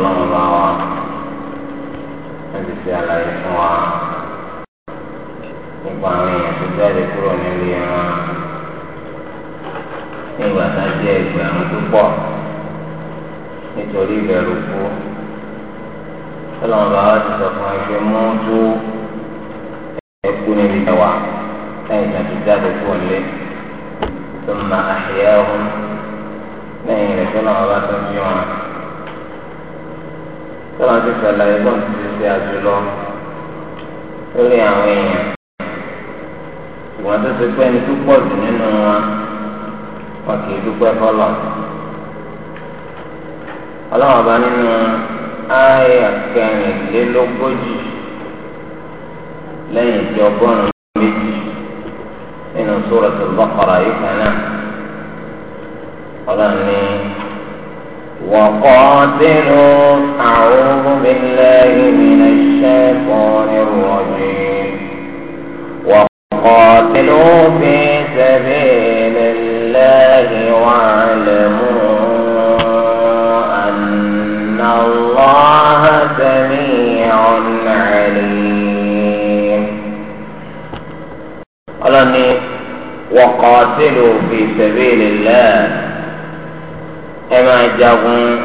ọlọ́run bá wa láti ṣe àlàyé fún wa nípa àwọn èèyàn tó jáde kúrò nílé wọn nígbà tá a jẹ́ ẹgbẹ̀rún tó pọ̀ nítorí ìbẹ̀rù kú ọlọ́run bá wa ti sọ fún ẹgbẹ́ mú tó ẹkú níbi ẹwà lẹ́yìn tí a jáde kúrò nílé tó máa àṣeyẹ ọ̀hún lẹ́yìn rẹ̀ tó náà wá tó ń bí wọn tọ́lá ti sàlàyé bọ́ ti ti ṣe àjùlọ lórí àwọn èèyàn ṣùgbọ́n tó ti pẹ́ ní tó pọ̀ jù nínú wọn wọn kì í dúpẹ́ fọlọ́ ọlọ́run ọba nínú ayé àkẹrìnlélógójì lẹ́yìn tí ọgọ́rùn-ún méjì nínú Suratul Baqara yìí kan náà ọlọ́run ní. وقاتلوا أعوذ بالله من الشيطان الرجيم وقاتلوا في سبيل الله واعلموا أن الله سميع عليم قال وقاتلوا في سبيل الله ẹ máa jagun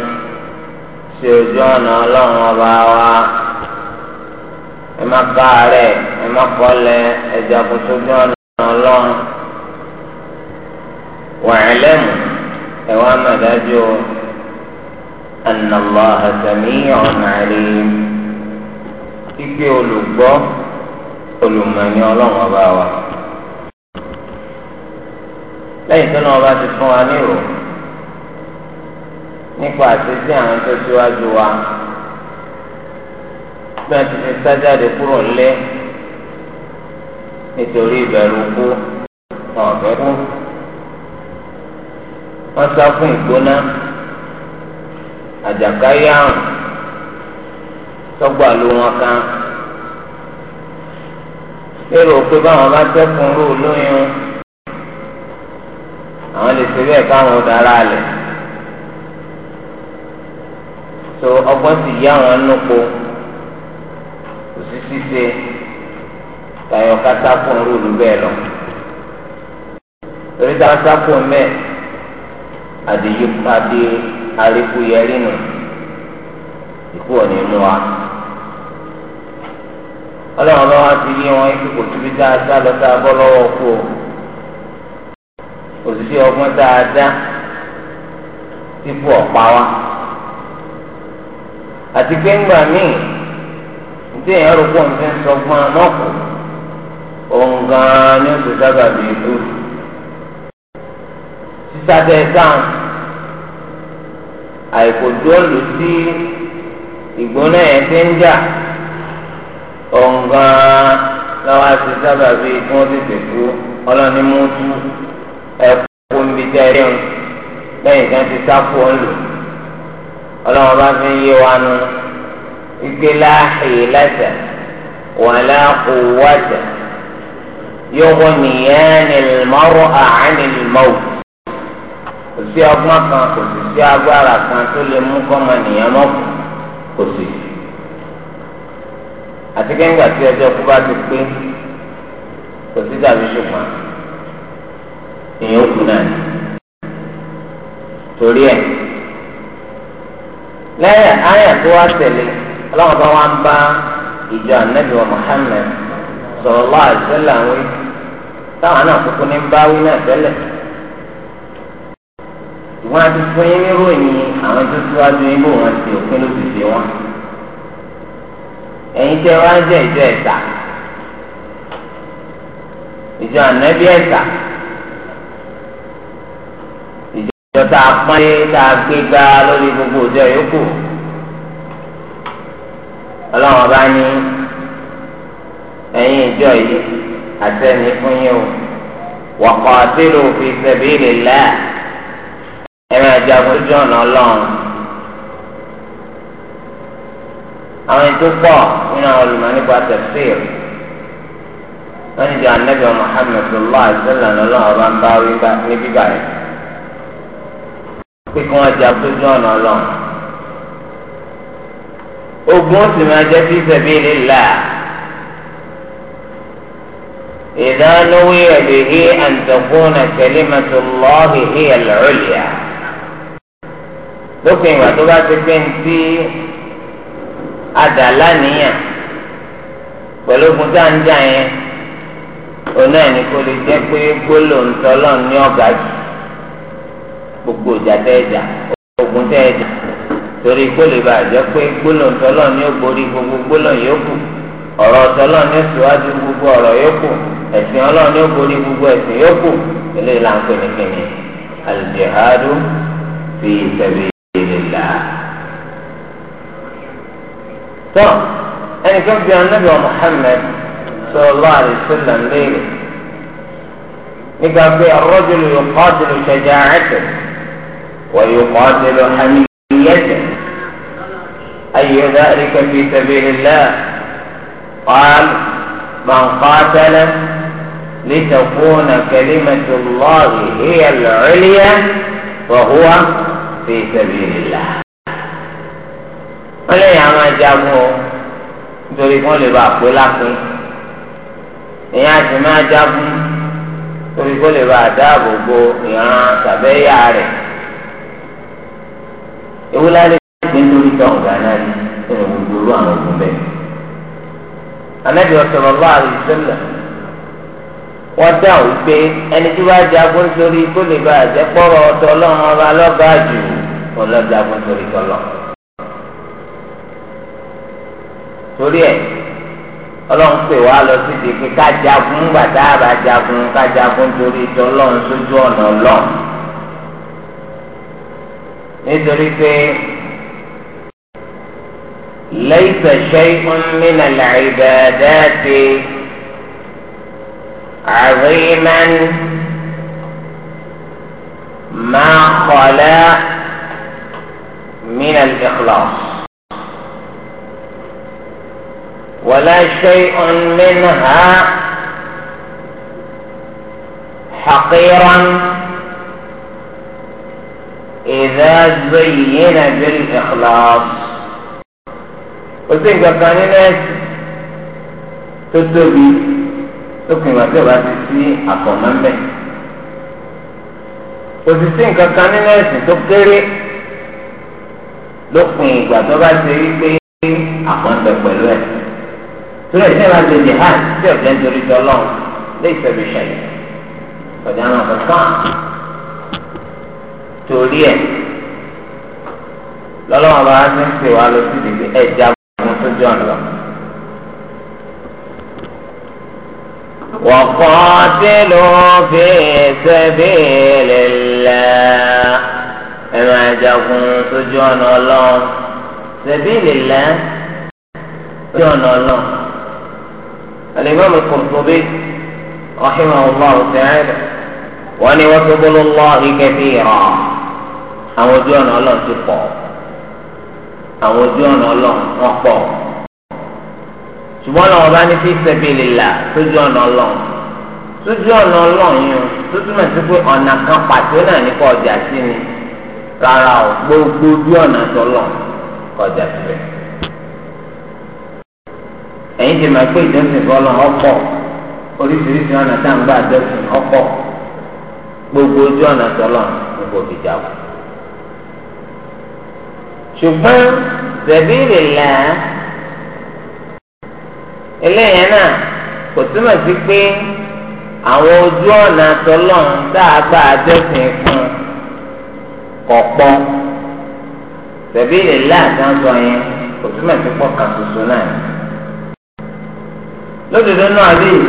sí ojú ọ̀nà ọlọ́run ọba wa ẹ má káàárẹ̀ ẹ má kọ́lẹ̀ ẹ jagun sójú ọ̀nà ọlọ́run wàhálẹ́mù ẹ wá máa dájú anàlọ́ àtàmì ọ̀nà àlẹ́ pípé olùgbọ́ olùmọ̀ọ́ni ọlọ́run ọba wa lẹ́yìn tó náà wọ́n ti fún wa ní ìròyìn nípa àtẹ̀sí àwọn tó síwájú wa bí wọ́n ti fi sájáde kúrò ńlẹ́ nítorí ìbẹ̀rù kú wọn ọ̀fẹ́ kú wọ́n sá fún ìgbóná àjàkáyé àrùn tọ́gbà ló wọn kan lérò pé báwọn bá tẹ́kùn rú lóyún àwọn lè ṣe bẹ́ẹ̀ káwọn dára lẹ̀. so ọgbọ́n sì yá wọn nùpọ̀ kò sí ṣíṣe tayọ kátákó ń rúlu bẹ́ẹ̀ lọ torí kátákó mẹ́ adé arékú yẹrí nù wa ọlọ́run lọ́wọ́ ti yé wọn ikú kò síbi tá a sá lọ tá a lọ́wọ́ kú o kò wa. àti pé ńgbà míì tí èèyàn rò pọ̀ nfẹ́ sọgbọ́n amọ́kù òun gan-an ni ó ti sábà bí ètò sísáde dáhùn àìkò dóòlù sí ìgbóná yẹn ti ń jà òun gan-an lọ́wọ́ àti sábà bí tí wọ́n ti tètú ọlọ́ni mú tú ẹ̀kú ń bi jẹ́ ẹ̀rẹ́hùn lẹ́yìn tí ti sá fún ọ lò bá fi ń yé wa nù ìgbé láàyè lẹ́sẹ̀ wàlá quwwata yọ̀wọ̀ nìyẹn ìlmọ́rọ̀ àánì ìlmọ́wò kò sí ọgbọ́n kan kò sì sí agbára kan tó lè mú kọ́mọ nìyẹn mọ́ kò sí. àti kẹ́ńgà tí ọjọ́ kú bá ti pé kò sí dàbí ṣùgbọ́n èèyàn ó kú náà ni. torí ẹ̀ lẹ́yìn àyà tó wá tẹ̀lé ọlọ́run bá wọn bá ìjọ ànábì wa Muhammad sallallahu alaihi wasallam táwọn náà kúkú ní báwí náà tẹ́lẹ̀ wọn ti fún yín níròyìn àwọn tó síwájú yín bó wọn ti òpin ló ti fi wọn ẹ̀yin tẹ́ wá jẹ́ ìjọ ẹ̀ta ìjọ ànábì ẹ̀ta ìjọ tá a pọ́n yé tá a gbé gbá lórí gbogbo òjò yòókù ọlọ́run ọba ní ẹ̀yin ìjọ yìí àtẹ̀ní fún yín o wa qatilu fi sabilillah ẹ máa jagun ojú ọ̀nà ọlọ́run. àwọn ètò pọ̀ nínú àwọn olùmọ̀ nípa tafsir wọ́n ti di anabi muhammed sallallahu alaihi wa ọba ń bá wí níbí pé kí wọ́n jagun ojú ọ̀nà ọlọ́run ogun ó sì máa jẹ́ fi sabilillah idha nuwiya bihi an takuna kalimatullahi hiya al-ulya lópin ìgbà tó bá ti pé ń tí adàlá nìyàn pẹ̀lú ogun tá à ń jà yẹn oná ẹni kò lè jẹ́ pé gbólóǹtọ́ lọ́n ní ọ̀gá jù gbogbo ìjà tẹ́ ẹ̀jà ogun tẹ́ ẹ̀jà. torí gbólè bá jẹ́ pé gbólò ńtọ́lọ́ ni ó gbogbo ọrọ yòókù ọ̀rọ̀ síwájú gbogbo ọrọ yòókù ẹ̀sìn ọlọ́run ni ó gbogbo ẹ̀sìn yòókù eléyìí là ń pè ní kíni alìjẹ̀hádù fi sabilillah. tó ẹnìkan bí anábì wa Muhammad sallallahu alaihi nígbà pé نيته أي ذلك في سبيل الله قال من قاتل لتكون كلمة الله هي العليا وهو في سبيل الله wọ́n lẹ́yìn àwọn ajagun o nítorí wọ́n lè ba àpò lápin èyí àti máa jagun nítorí kó lè ba àdáàbò bo ìran tàbẹ́yà rẹ̀ ewu lálẹ́ ṣe ń torí tọ́ ọ̀gá náà rí nínú gbogbo olú àwọn ogun bẹ́ẹ̀. anabi ọ̀sọ̀rọ̀ lọ́wọ́ àlùsílẹ̀ wọ́n dá òun pé ẹni tí wàá jagun sórí kó lè bá àjẹ́ pọ̀rọ̀ ọ̀tọ̀ ọlọ́run ọba lọ́gàá jù wọn lọ jagun sórí torí ẹ̀ ọlọ́run pè wá lọ sí ti pé ká gbàtà àbá jagun torí tọ́lọ́run sójú ọ̀nà ọlọ́run. ادرك ليس شيء من العبادات عظيما ما خلا من الإخلاص ولا شيء منها حقيرا إذا زين بالإخلاص وسين كان ناس تتوبي tókè wá pé wá ti sí àfọ̀mọ́mẹ́ òṣìṣẹ́ nǹkan kan nínú ẹ̀sìn tó kéré lópin ìgbà tó bá ṣe rí pé àpọ̀ǹbẹ pẹ̀lú ẹ̀ tó lè ṣe máa ṣe jihad tí ọ̀jẹ̀ ń torí jọlọ́ọ̀ lè ṣe bí ṣẹ̀yìn ọ̀jà náà kankan torí ẹ̀ lọ́lọ́wọ́n bá ti ń pè wá lọ sí ibi ẹja mú tó jọ lọ. وقاتلوا في سبيل الله ẹ máa jagun sójú ọ̀nà ọlọ́run sẹ̀bíìlì lẹ́ sójú ọ̀nà ọlọ́run. الإمام القرطبي رحمه الله تعالى wọ́n ní wọ́n tó bọ́lú lọ́ọ̀hí kẹ́tì rọ̀ àwọn ojú ọ̀nà ọlọ́run ti pọ̀ àwọn ojú ọ̀nà ọlọ́run wọ́n pọ̀ ṣùgbọ́n làwọn bá ní fi sabilillah sójú ọ̀nà ọlọ́run sójú ọ̀nà ọlọ́run yìí tó túmọ̀ sí pé ọ̀nà kan pàtó náà ní ọjà sí ni rárá o gbogbo ojú ọ̀nà tọ́lọ̀ kọ́ ọjà síbẹ̀. ẹ̀yin ti máa pé ìjọsìn fọlọ́ ọkọ̀ oríṣiríṣi ọ̀nà tá à ń gbà jọ́sìn ọkọ̀ gbogbo ojú ọ̀nà tọ́lọ̀ gbogbo fi jagun. ṣùgbọ́n zẹ̀bíìlì là á eléyẹn náà kò túmọ̀ sí pé àwọn ojú ọ̀nà tọ́lọ̀ dáàbà dẹ́sìn fún kọ̀pọ̀ zẹ̀bíìlì là á dáńsọ yẹn kò túmọ̀ sí pọ̀ kan ṣoṣo náà. lódodo náà àdéhùn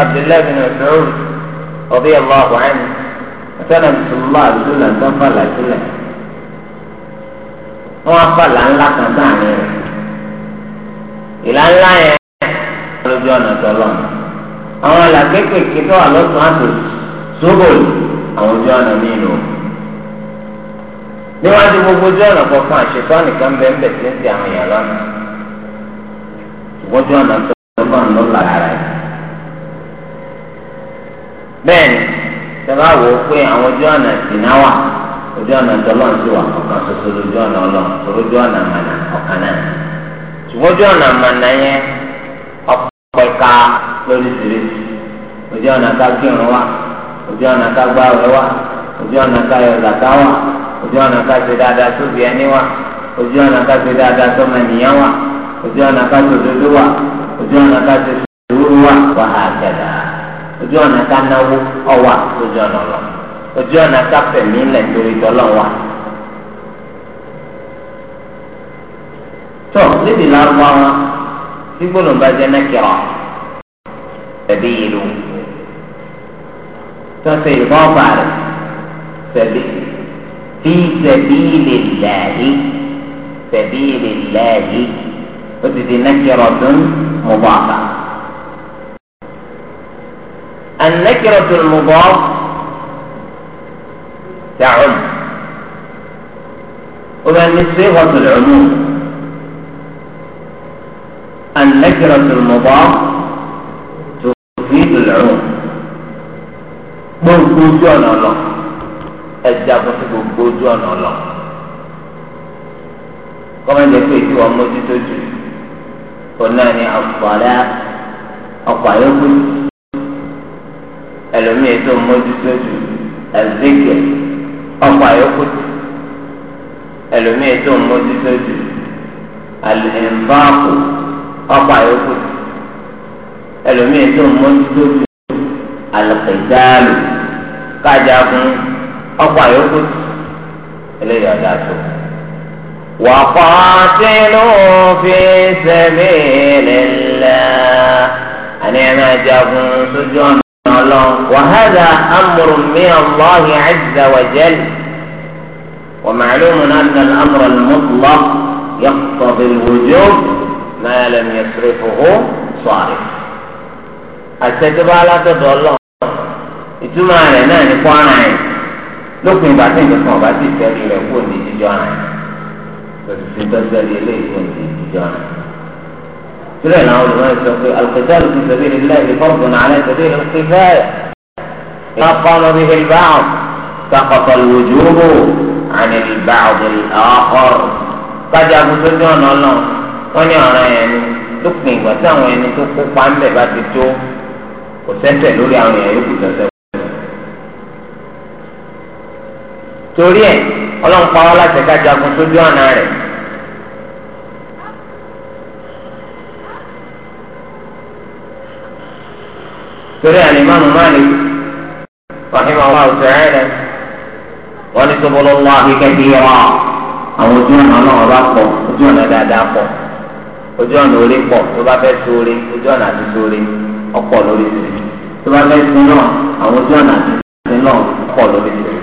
Abdullahi bin Mas'ud ọ̀bí ẹ̀rọ àbọ̀hán ọ̀sán ẹ̀mùsùlùmá àdúrà ń tán fàlà sílẹ̀ wọ́n á fàlà ńlá kan sáàrin rẹ̀ ìlà ńlá yẹn lójú ọ̀nà tọ́lọ̀ àwọn àlà kéékèèké tó wà lọ́sùn àtò sóbòlù àwọn ojú ọ̀nà míì nù níwájú gbogbo ojú ọ̀nà kọ̀ọ̀kan àṣetọ́ nìkan bẹ́ẹ̀ bẹ́ẹ̀ ti ń ti àwọn èèyàn lọ́nà ìwọ́jú ọ̀nà tó lọ́nà lọ́la ara ẹ̀. bẹ́ẹ̀ni tẹlẹ àwọ pé àwọn ojú ọ̀nà ìnáwà ojú ọ̀nà tọlọ́n sí wa ọ̀kan ṣoṣo lójú ọ̀nà ọlọ́run tòró ojú ọ̀nà mànà ọ̀kan náà ṣùgbọ́n ojú ọ̀nà mànà yẹn ọ̀pọ̀ ẹ̀ka lóríṣiríṣi ojú ọ̀nà ká kírun wa ojú ọ̀nà ká gbáwẹ̀ wa ojú ọ̀nà ká yọ wa ojú ọ̀nà ká ṣe dáadáa ẹni wa ojú ọ̀nà ká ṣe dáadáa ojú ọ̀nà ká náwó ọ̀wà lójú ọ̀nà lọ ojú ọ̀nà ká fẹ̀mí lẹ̀ torí tọ́lọ̀ wà. tó lédè lárúbá wọn tí gbọ́dọ̀ bá jẹ́ nẹ́kẹ̀ọ́ tẹ̀bí ìlú tó ṣe ìbọn bá rẹ̀ tẹ̀bí fi tẹ̀bí ilé lẹ́yìn tẹ̀bí ilé lẹ́yìn ó ti di nẹ́kẹ̀ọ́ tó ń mọ̀ bọ́ àbá. النكرة المضاف تعم ومن صيغة العموم النكرة المضاف تفيد العموم gbogbo ojú ọ̀nà lọ ẹja kó sí gbogbo ojú ọ̀nà lọ kọ́mẹ́ntì pé tí wọ́n mójútó jù ọ̀nà ni àfọ̀lẹ́ ọkọ̀ ayọ́kùnrin ẹlòmíì tó mójútó ju ẹ̀zíkẹ̀ ọkọ̀ àyọkù tì ẹlòmíì tó mójútó ju àlìmbáàkù ọkọ̀ àyọkù tì ẹlòmíì tó mójútó ju àlùkìdáàlù kájagun ọkọ̀ àyọkù tì eléyìí ọ̀dà tó. وقاتلوا في سبيل الله àní ẹ máa ọlọ́run wàhálà amúrù mi ọlọ́hìn ẹ̀dá wàjẹ́l wàmàlúmù náà nà amúrù mọ́tòlọ́ yàtọ̀bẹ̀ wòjó náà lẹ́nu yẹtùrẹ́ fòhó sọ̀rọ̀. àtẹ̀tẹ̀bá alátọ̀dọ̀ ọlọ́run ìtumọ̀ rẹ̀ náà ní kwara yẹn lópin ìgbà tí nǹkan kan ọba ti fẹ́ rí rẹ̀ kó ní jíjọ́ rẹ̀ lọ́sibítọ́sẹ́ lé ilé ìfún ìdí rẹ̀. تلاقي نعوذ بالله القتال في سبيل الله فرض على سبيل الكفاية ما قام به البعض سقط الوجوب عن البعض الآخر قد أبتدون الله وني أنا يعني lópin ìgbà tí àwọn ẹni tó kópa ń bẹ̀ bá ti tó kò sẹ́sẹ̀ lórí àwọn èèyàn yòókù sẹ́sẹ̀ wọ́n. torí ẹ̀ ọlọ́run pa wá láti ẹ̀ka jagun sójú ọ̀nà rẹ̀ torí àlìmáàmù Malik rahimahu Allah ta'ala wọn ní sọ́bọ́lọ́ lọ́wọ́ akẹ́kẹ́ bí yẹn wá àwọn ojú ọ̀nà náà bá pọ̀ ojú ọ̀nà dáadáa pọ̀ ojú ọ̀nà orí pọ̀ tó bá fẹ́ sóore ojú ọ̀nà àti sóore ọ̀pọ̀ lórí sí tó bá fẹ́ sí náà àwọn ojú ọ̀nà àti sí náà ọ̀pọ̀ lórí sí.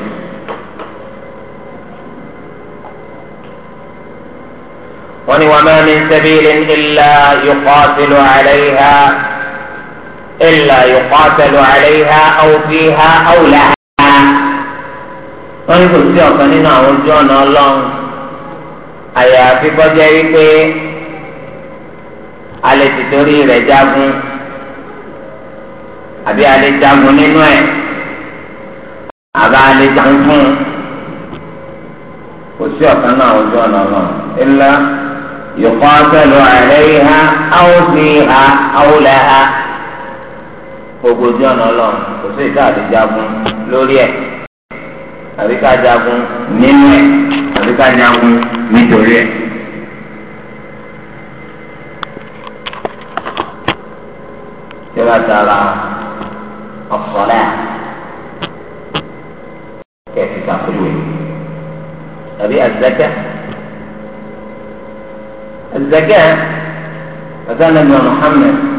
wọ́n ní wàá máa ńlá yóò kọ́ sílùú àlẹ́ yìí إلا يقاتل عليها أو فيها أو لها wọ́n ní kò sí ọ̀kan nínú àwọn ojú ọ̀nà ọlọ́run àyàfi kọjá wípé a lè ti torí rẹ̀ jagun àbí a lè jagun nínú ẹ̀ àbá a lè jagun fún un kò sí ọ̀kan náà ojú ọ̀nà ọlọ́run إلا يقاتل عليها أو فيها أو لها gbogbo ojú ọ̀nà ọlọ́run kò sí ìta àdìjagun lórí ẹ̀ àbí ká jagun nínú ẹ̀ àbí ká jagun nítorí ẹ̀. tí wọ́n tara ọ̀sọ̀lá kẹ̀sì kàkúrú ẹ̀ àbí àzẹ́kẹ́ àzẹ́kẹ́ àzẹ́kẹ́ Muhammad.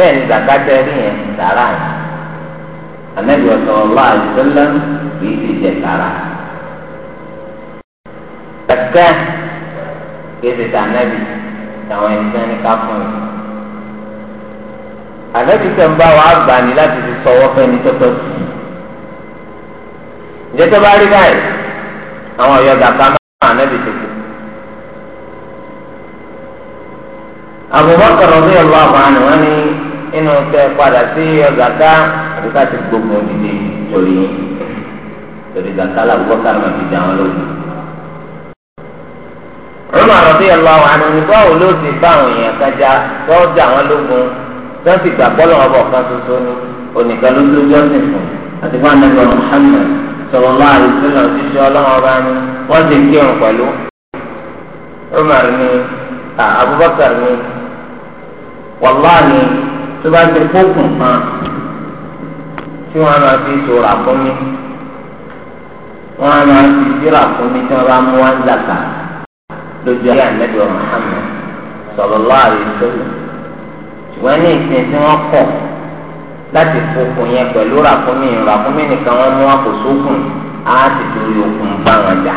bẹ́ẹ̀ ni zakata ẹni yẹn sàrà yẹn anabi ọsọlọ àdìsọlọ kìí ti jẹ sàrà zakata kìí ti tà anabi tàwọn ẹni ni ká fún yìí anabi sẹm bá wàá gbà ní láti fi sọwọ́ fẹ́ni tọtọ sí ǹjẹ́ tó bá rí báyìí àwọn ọ̀yọ́ zakata máa anabi tètè. Abu Bakar radiyallahu anhu wani inú tẹ padà sí ọ̀gàtà àbíká ti gbogbo oyi torí torí gàtà làbúkọ kàmá ti dà wọn lójú. àwọn tó yẹ lọ àwọn àdùnnú báwo ló ti bá àwọn èèyàn kájà tó dà wọn lógun tó sì gbà bọ́lọ̀ ọbọ̀ kan tuntun ní ló fún àti fún sọ̀rọ̀ lọ́wọ́ ọlọ́wọ́ bá ní wọ́n ti kírun pẹ̀lú. ni tó bá ti kókùn kan tí wọ́n máa fi sòrà fún mi wọ́n á máa fi sírà fún mi tí wọ́n bá mú wọn zàkà lójú ayé ànábì Muhammad sallallahu alaihi wasallam ṣùgbọ́n ní ìsìn tí wọ́n kọ̀ láti fòkùn yẹn pẹ̀lú ràkúnmí ràkúnmí nìkan wọ́n mú àpò sókùn á ti torí okùn bá wọn jà.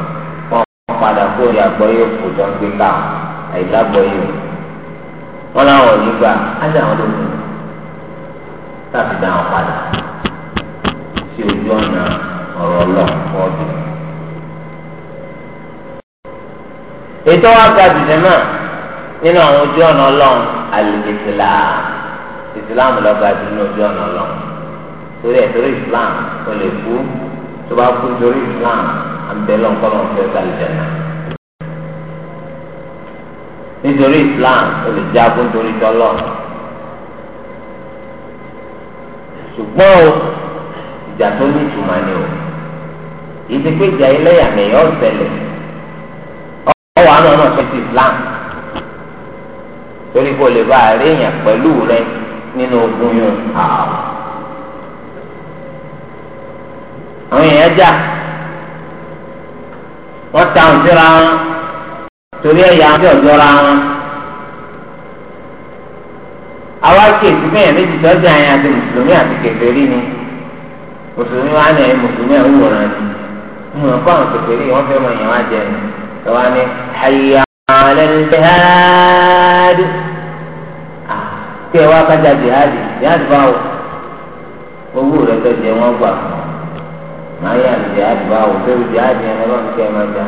padà sórí àgbọ́yé òkú tó ń gbé ká àìlágbọ́yé o wọ́n láwọn yìí gbà á dà wọ́n lóko láti dá wọn padà sí ojú ọ̀nà ọ̀rọ̀ ọlọ́ọ̀kọ́ ọ̀dùn. ètò wa ga jùlọ náà nínú àwọn ojú ọ̀nà ọlọ́run al-Islam ìsìláàmù lọ́ga jù nínú ojú ọ̀nà ọlọ́run torí ẹ̀ torí ìsìláàmù ó lè kú tó bá kú torí islam àbẹ̀lẹ̀ ọ̀kọ́lọ̀ ọ̀fẹ́ sàlìjẹ̀nà. nítorí islam ó lè jagun torí tọ́lọ̀. ṣùgbọ́n o ìjà tó ní ìtumọ̀ ni o ìdíkú ìjà ẹlẹ́yàmẹ̀yà ọ̀sẹ̀lẹ̀ ọwọ́ àná náà sọ ti islam torí kò lè bá àárẹ̀ yẹn pẹ̀lú rẹ nínú ogun yìí. àwọn èèyàn jà wọ́n ta àwọn síra wọn torí ẹ̀yà àwọn tí ọ̀jọ́ ra wọn. àwa kéèsì bẹ́ẹ̀ méjì sọ́jà yẹn àti mùsùlùmí àti kèfèrí ni mùsùlùmí wa ni mùsùlùmí ẹ̀ ń wòran sí i mo kọ́ àwọn kèfèrí wọ́n fẹ́ mọ èèyàn wá jẹ ẹni lọ́wọ́ ni àyà àlẹ́ńtẹ́hádì kí ẹ wá kájà jihadi jihadi báwo owó rẹ̀ fẹ́ jẹ wọ́n gbà fún. na yà ndị adịba bá wò adị jihad yẹn ní ha kẹ ọma jà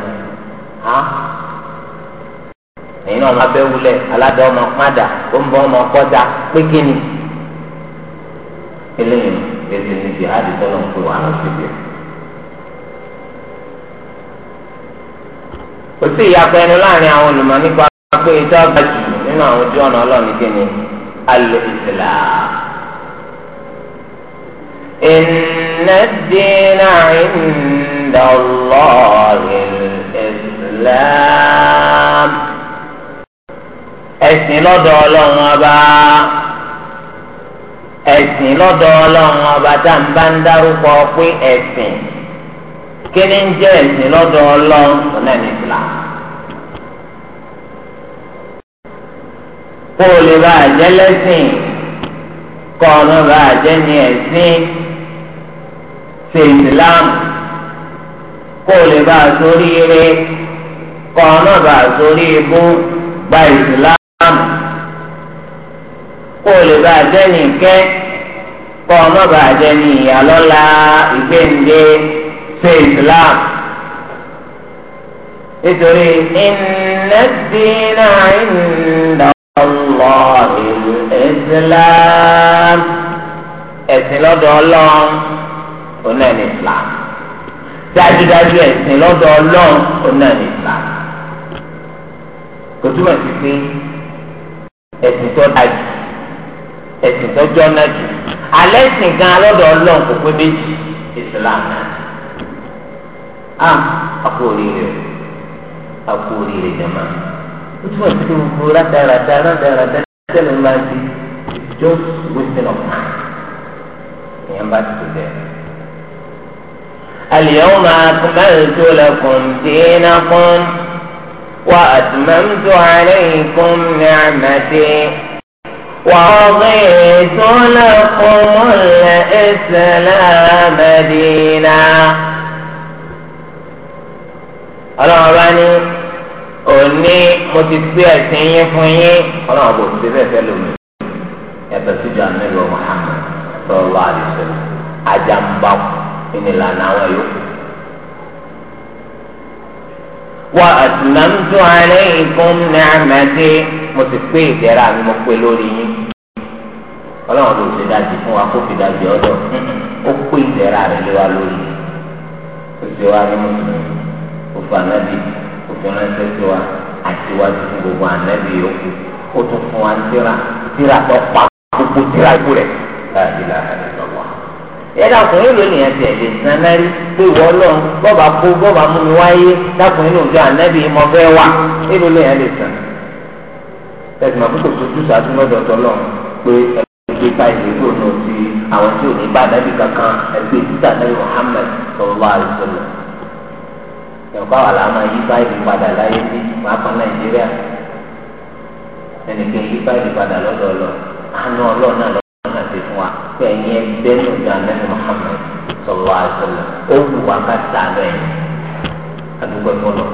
á èyí náà máa bẹ wulẹ̀ aládé ọmọ pàdà ó ń bọ ọmọ kọjá ẹnu láàrin àwọn إن الدين عند الله الإسلام ẹ̀sìn lọ́dọ̀ ọlọ́run ọba ẹ̀sìn lọ́dọ̀ ọlọ́run ọba tá n bá ń dárúkọ pé ẹ̀sìn kí ni ń jẹ́ ẹ̀sìn lọ́dọ̀ ọlọ́run ọ̀nà ní Islam. kó o lè bá àjẹ́ lẹ́sìn kọ́ ọ̀nà bá àjẹ́ ní ẹ̀sìn ṣe ìsìlámù kó o lè bá a sórí ire kọ́ ọ náà bá a sórí ibú gba ìsìlámù kó o lè bá a jẹ́ nìkẹ́ kọ́ ọ náà bá a jẹ́ ní ìgbéǹde ṣe nítorí iná dínà ìnà ọlọ́ọ̀hìn ìsìlámù ẹ̀sìn lọ́dọ̀ ọlọ́run oná ní islam dájúdájú ẹ̀sìn lọ́dọ̀ ọlọ́run oná ní islam kò túmọ̀ sí pé ẹ̀sìn tó dájú ẹ̀sìn tó jọ́nà jù alẹ́ ẹ̀sìn gan lọ́dọ̀ ọlọ́run kò pé méjì islam náà a àpò oríire àpò oríire jẹ̀mọ́ ó túmọ̀ sí pé gbogbo rádaràdà rádaràdà tẹ́lẹ̀ máa di just wasting of time ìyẹn bá ti tó bẹ́ẹ̀. اليوم أكملت لكم دينكم وأتممت عليكم نعمتي ورضيت لكم الإسلام دينا الأولاني أني متسبيع سيئ فيي أنا أبو متسبيع سلومي يتسجى النبي محمد صلى الله عليه وسلم أجنبكم ìnìlànà àwọn yòókù. wa àtúnámtò àárẹ̀ ìkún ní àmàdé mo ti pé ìdẹ́ra mi mo pé lórí yín ọlọ́run ló ṣe dájú fún wa kó fi dájú ọ̀dọ̀ ó pé ìdẹ́ra rẹ̀ lé wa lórí ó ṣe wá ní mùsùlùmí ó fa ànábì ó fi ránṣẹ́ sí wa àti wájú fún gbogbo ànábì yòókù ó tún fún wa ń tíra tíra tó pa gbogbo tíra ikú rẹ̀ láàbí làkàlẹ̀ lọ́wọ́ ẹ dàkún yín lónìí ẹsẹ̀ lè nana rí pé ìwọ ọlọ́run bọ́ba kó bọ́ba mú mi wáyé dàkún yín lòdì ànábì mọ fẹ́ wà ẹ ló lóyìn ẹ lè sàn. tẹ̀sán àkókò tó tú sàtún lọ́dọ̀ tọ́lọ̀ pé ẹgbẹ́ ká ìlú tó nù sí àwọn tí ò ní bá ànábì kankan ẹgbẹ́ títà ànábì Muhammad sallallahu alaihi wasallam. ìyọ̀kọ́ àwọn làwọn máa yí báyìí padà láyé sí máa pa Nàìjíríà ẹnìkan yí báyìí padà lọ́dọ̀ ọlọ́ ṣe fún wa pé ẹ̀yin ẹgbẹ́ nù ní anẹ́nu Muhammad sọlọ àìsọlọ ó wù wá ká ta lọ ẹ̀yìn àdúgbò ìmọ̀lọ.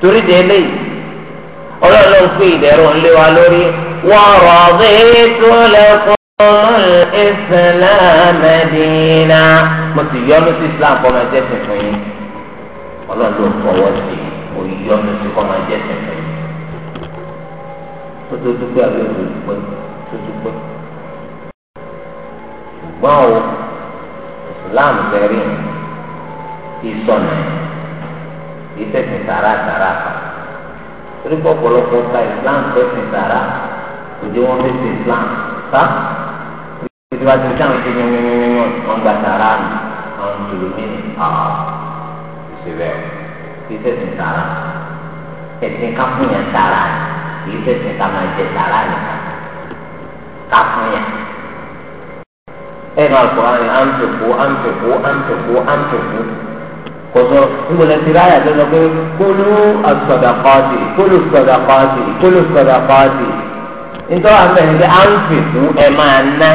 torí de eléyìí ọlọ́run pé ìdẹ̀rùn ń lé wa lórí wọ́n rọ̀ tó lẹ́kọ̀ọ́ ìsìlámù dínà mo sì yọ́nú sí Islam kọ́ máa jẹ́ tuntun yìí ọlọ́run ló fọwọ́ sí mo yọ́nú sí kọ́ máa jẹ́ tuntun yìí. ó tó dúpẹ́ òdòdó pé tó dúpẹ́ ṣùgbọ́n o Islam bẹ̀rẹ̀ ìsọ̀nà ìtẹ̀sìn tààrà tààrà torí pé ọ̀pọ̀lọpọ̀ ta Islam tẹ̀sìn tààrà òde wọn fi ti Islam ta títí wá ti sáà ti yan yan yan yan wọn gba tààrà nù àwọn mùsùlùmí ni àà ìṣẹ̀lẹ̀ ìtẹ̀sìn tààrà ẹ̀sìn káfíńyà tààrà ìtẹ̀sìn ká jẹ tààrà nìkan káfíńyà. ẹnu àkùránì akpọ àǹtòkù àǹtòkù àǹtòkù kò sọ pé kólú kólú kólú nítorí àwọn pé ẹ máa ná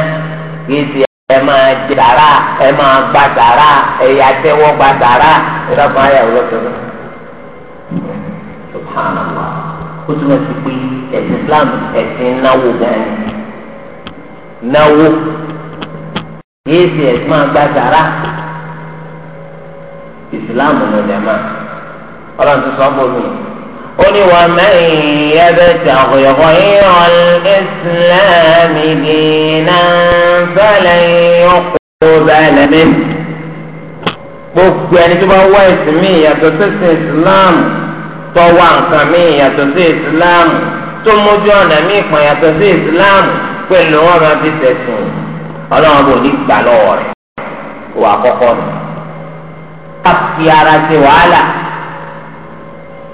ẹ máa jẹ dàrá ẹ máa gba dàrá ẹ̀yà tẹ́wọ́ gba dàrá yéé fi ẹ̀sìn àgbà sàrà ìsìláàmù ló dẹ̀ máa ọlọ́run ti sọ ọ́ bọ́ọ̀lù ó ní wà mẹ́rin ẹ̀bẹ̀ tí àkọyọ̀kọ̀ ìrọ̀l ìsìláàmù dìínà fẹ́lẹ̀ yọkọ̀ bẹ́ẹ̀ lẹ́mí. gbogbo ẹni tó bá wá ẹ̀sìn mi ìyàtọ̀ sí ìsìláàmù tó wá nǹkan mi ìyàtọ̀ sí ìsìláàmù tó mójú ọ̀nà mi ìpànyàtọ̀ sí ìsìláàmù pẹ̀lú ọ̀rọ̀ àti tẹ̀sán ọlọ́run bò ní gbà lọ́wọ́ rẹ̀ wà kọ́kọ́ nù. ká fi ara ṣe wàhálà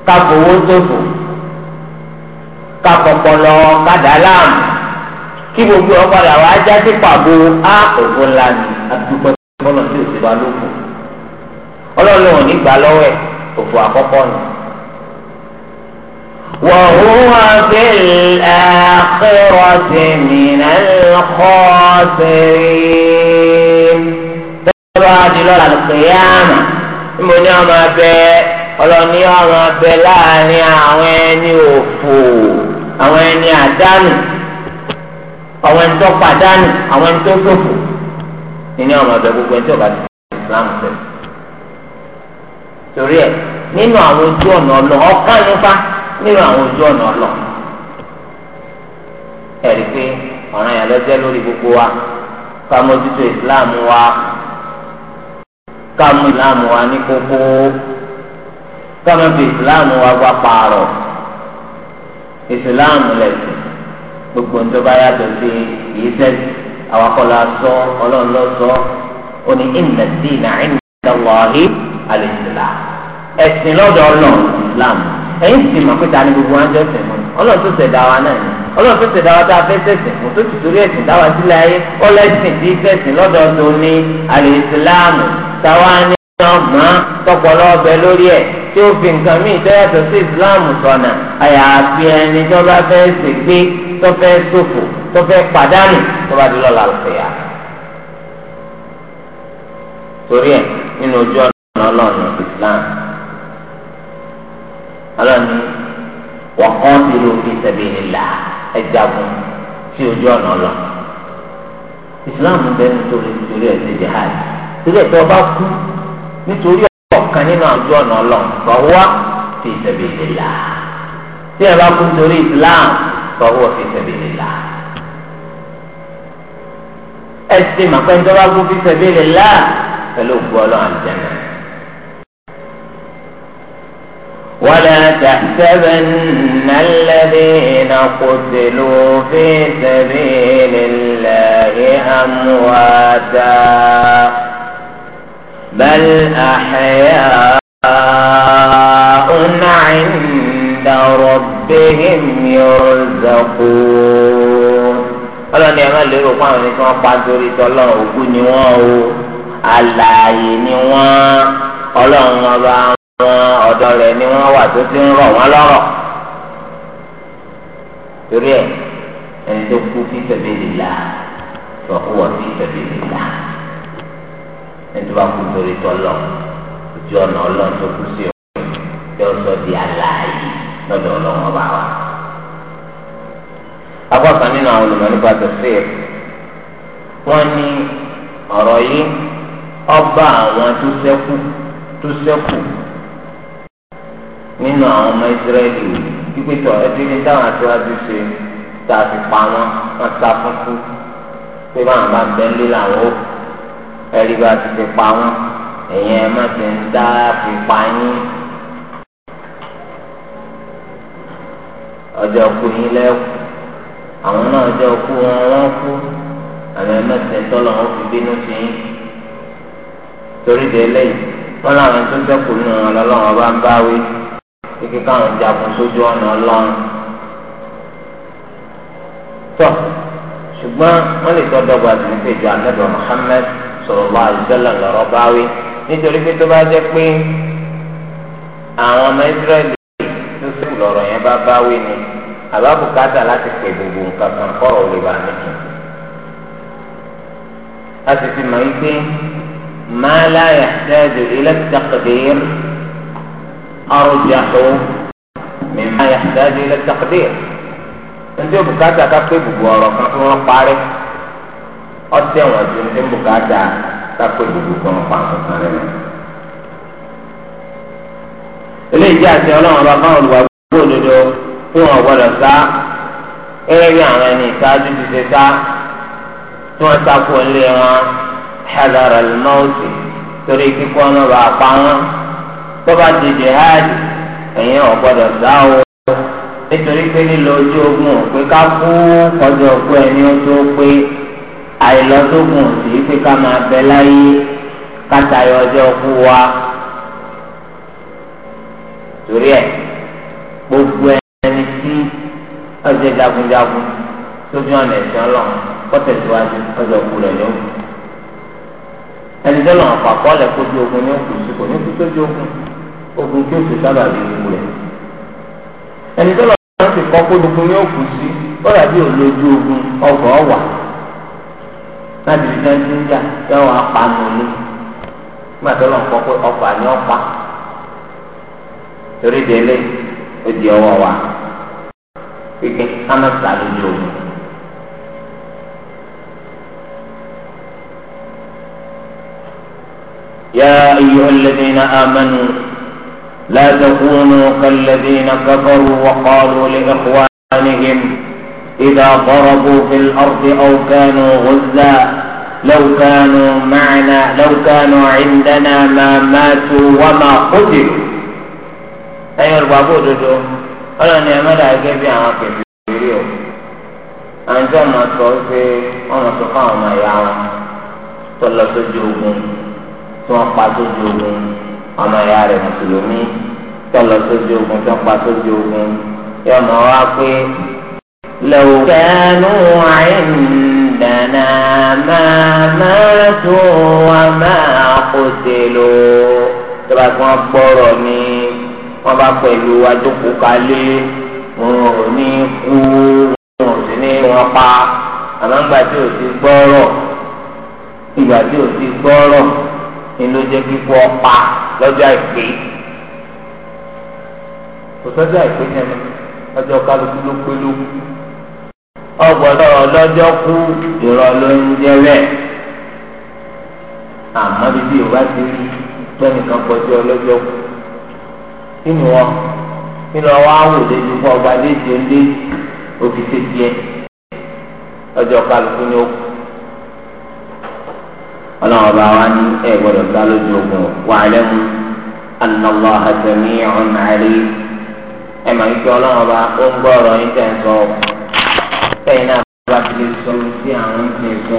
ká fowó ṣòfò ká pọpọlọ ká dà láàmú kí gbogbo ọ̀padà wà á jáde pàbó á òfò ńlá ni àdúgbò tó ń bọ̀ lọ sí òṣèlú alóko ọlọ́run ò ní gbà lọ́wọ́ ẹ̀ òfò àkọ́kọ́ nù. وهو في الآخرة من الخاسرين تراجع لولا القيامة من يوم ọlọ́ni ọmọ abẹ láàrin àwọn ẹni òfò àwọn ẹni àdánù àwọn ẹni tó pàdánù àwọn ẹni tó ṣòfò nínú ọmọ abẹ gbogbo ẹni tó bá ti ṣe Islam fẹ. torí ẹ nínú àwọn ojú ọ̀nà ọlọ́ ọ̀kan nípa nínú àwọn ojú ọ̀nà ọlọ ẹ̀rí pé ọ̀ràn yẹn lọ́jẹ́ lórí gbogbo wa ká mójútó Islam wa ká mú Islam wa ní kókó ká má fi Islam wa gbá pààrọ̀ Islam lẹ̀sìn gbogbo ń tó bá yàtọ̀ sí yìí sẹ́sì sọ ọlọ́run lọ sọ ó ní ìnà sí àlè ìsìlá ẹ̀sìn lọ́dọ̀ ọlọ́run Islam ẹ̀yin sì mọ̀ pé ta ni gbogbo wọn jọ sẹ̀ mọ́ ọlọ́run tó ṣẹ̀dá wa náà ni ọlọ́run tó ṣẹ̀dá wa tá a fẹ́ sẹ̀sìn fún tó ti torí ẹ̀sìn dáwà sílẹ̀ ayé ọlẹ́sìn tí sẹ̀sìn lọ́dọọdún ní àlẹ́ ìsìláàmù táwa ní ọmọ tọpọlọ ọbẹ lórí ẹ̀ tí ó fi nǹkan míì tẹ́yàtọ̀ sí ìsìláàmù sọ̀nà àyàfi ẹni tó bá fẹ́ ṣègbé tó fẹ́ ṣòfò tó fẹ́ pàdánù tó bá di lọ́la àlùfẹ́yà. torí ẹ̀ nínú ojú ọ̀nà ọlọ́run ìsìláàmù ọlọ́ni wọ́n kọ́ ti lu fi sabilillah ẹ̀jagun sí ojú ọ̀nà lọ. ìsìláàmù bẹ́ẹ̀ nítorí nítorí ẹ̀ ṣe jihad torí ẹ̀ tó ọba kú nítorí ọ̀kan nínú ojú ọ̀nà lọ fọwọ́ fi sabilillah tí ẹ bá kú nítorí islam fọwọ́ fi sabilillah. ẹ ti màpẹ́ ń tọ́ bá kú fi sabilillah pẹ̀lú òkú ọlọ́run àjẹmẹ́. ولا تحسبن الذين قتلوا في سبيل الله أمواتا بل أحياء عند ربهم يرزقون ọlọ́ni ẹ̀ máa lérò fún àwọn ẹni tí wọ́n pa torí tọ́lọ́ òkú ni wọ́n o àlàyé ni wọ́n ọlọ́run ọba àwọn ọ̀dọ́ rẹ̀ ni wọ́n wà tó ti ń rọ̀ wọ́n lọ́rọ̀ torí ẹ̀ ẹni tó kú fi sabilillah tó kú wọ́n fi sabilillah ẹni tó bá kú torí tọ́lọ̀ ojú ọ̀nà ọlọ́run tó kú sí ọ̀hún yóò sọ di aláàyè lọ́dọ̀ ọlọ́run ọba wa. akọ́kàn nínú àwọn olùmọ̀ nípa tẹ̀síẹ̀ wọ́n ní ọ̀rọ̀ yìí ọba àwọn tó ṣẹ́kù tó ṣẹ́kù nínú àwọn ọmọ Ísírẹ́lì pípé tọ ẹbí ní táwọn aṣáájú ṣe tá a fi pa wọn wọn sá fún kú pé báwọn bá bẹ ńlé làwọn ó ẹrí bá ti fi pa wọn ẹ̀yìn ẹ̀ má ti ń dá fi pa yín. ọjọ́ kú yín lẹ́kù àwọn náà ọjọ́ kú wọn wọ́n kú àmì ẹ̀mẹ́sẹ̀ tọ́lọ̀ wọn fi bínú sí yín torí délé wọn làwọn tó ń dẹ́kun nù lọ́lọ́wọ́n bá ń báwí kíkí káwọn jagun sójú ọ̀nà ọlọ́run. tọ́ ṣùgbọ́n wọ́n lè tọ́ dọ́gba àtúntò ìjọ anábọ̀ Muhammad sallallahu alaihi wasallam lọ́rọ́ báwí nítorí pé tó bá jẹ́ pé àwọn ọmọ Ísírẹ́lì tó sẹ́kù lọ́rọ̀ yẹn bá báwí ni àbá bùkátà láti pè gbogbo nǹkan kan kọ́rọ̀ ò lè wà nìkan. a sì fi mọ̀ yí pé máa láyà dáadé ilé ti dàkàdé yẹn. أرجح مما يحتاج إلى التقدير ntí bùkátà kakpe bubu ọ̀rọ̀ kan tó wọn parí ọtí ẹwọn kakpe bubu kan pa kankan rẹ. eléyìí jẹ́ àti ọlọ́run bá fáwọn olùwàgbọ́ òdodo hadara bọ́ba ti jihad ẹ̀yin ọ̀gbọ́dọ̀ sá o nítorí pé lílọ ojú ogun ò pé ká kú kọjọ òkú ẹni ó tó pé àìlọ́dógún sí pé ká máa bẹ láyé ká tayọ ọjọ́ kú wa torí ẹ̀ gbogbo ẹni tí ọjọ́ jagunjagun sójú ọ̀nà ẹ̀sìn ọlọ́run kọ́tẹ̀síwájú ọjọ́ kú rẹ̀ yóò ẹni tó lọ́n pa ogun ní òkú sí kò ní kú sójú ogun ogun tí ó sì sábà bí ikú rẹ̀. ẹni tó lọ sọ ti kọ́ pé yóò kù sí ó bí olójú ogun ọgbà ọwà láti fi dájú ń jà yọ wọn apá nulẹ̀ nígbà tó lọ kọ́ pé ọgbà ni ọ̀pá torí délé ó di ọwọ́ wa pípín kámẹ́sà lójú ogun. يا أيها الذين آمنوا لا تكونوا كالذين كفروا وقالوا لإخوانهم إذا ضربوا في الأرض أو كانوا غزا لو كانوا معنا لو كانوا عندنا ما ماتوا وما قتلوا أي البابودو ọlọ́ni ẹ̀ mẹ́ta gẹ́gẹ́ bí àwọn kẹfìrí o àwọn tí wọ́n máa sọ pé wọ́n máa sọ fáwọn ọmọ ọmọ ìyá rẹ̀ mùsùlùmí tọ́lọ sójú ogun tó pa sójú ogun yóò mọ̀ wá pé lọ́wọ́ kẹ́nu àìndàna máa máa tó wà máa kó tèlò tó bá gbọ́n gbọ́rọ̀ ni wọ́n bá pẹ̀lú adókòó kalẹ̀ wọn ò ní kú wọn ò sì ní wọn pa àmọ́ ńgbà tí ò ti gbọ́rọ̀ ìgbà tí ò ti gbọ́rọ̀ ni ló jẹ́ kíkú ọ̀pá lọ́jọ́ àìpé kò sọ́jọ́ àìpé yẹn ni ọjọ́ kálukú ló pé ló kú ọgbọ́dọ̀ lọ́jọ́ kú ìrọ̀ ló ń jẹ́ bẹ́ẹ̀ àmọ́ bíbí ìwà ti rí tẹ́nìkan gbọ́jọ́ lọ́jọ́ kú kí ni wọ́n kí ni wọ́n á wò lójú fún ọgbà léde ńlé òfìsè tiẹ̀ ọjọ́ kálukú ni kú ọlọ́run ọba wa ní ẹ gbọ́dọ̀ sá lójú ogun wà á lẹ́mu anamọ àtẹmí ọ̀nà àrí ẹ mà ń fi ọlọ́run ọba ó ń gbọ́ ọ̀rọ̀ yín tẹ̀ ń sọ bẹ́ẹ̀ náà bá ti lè sọ sí àwọn ń pè sọ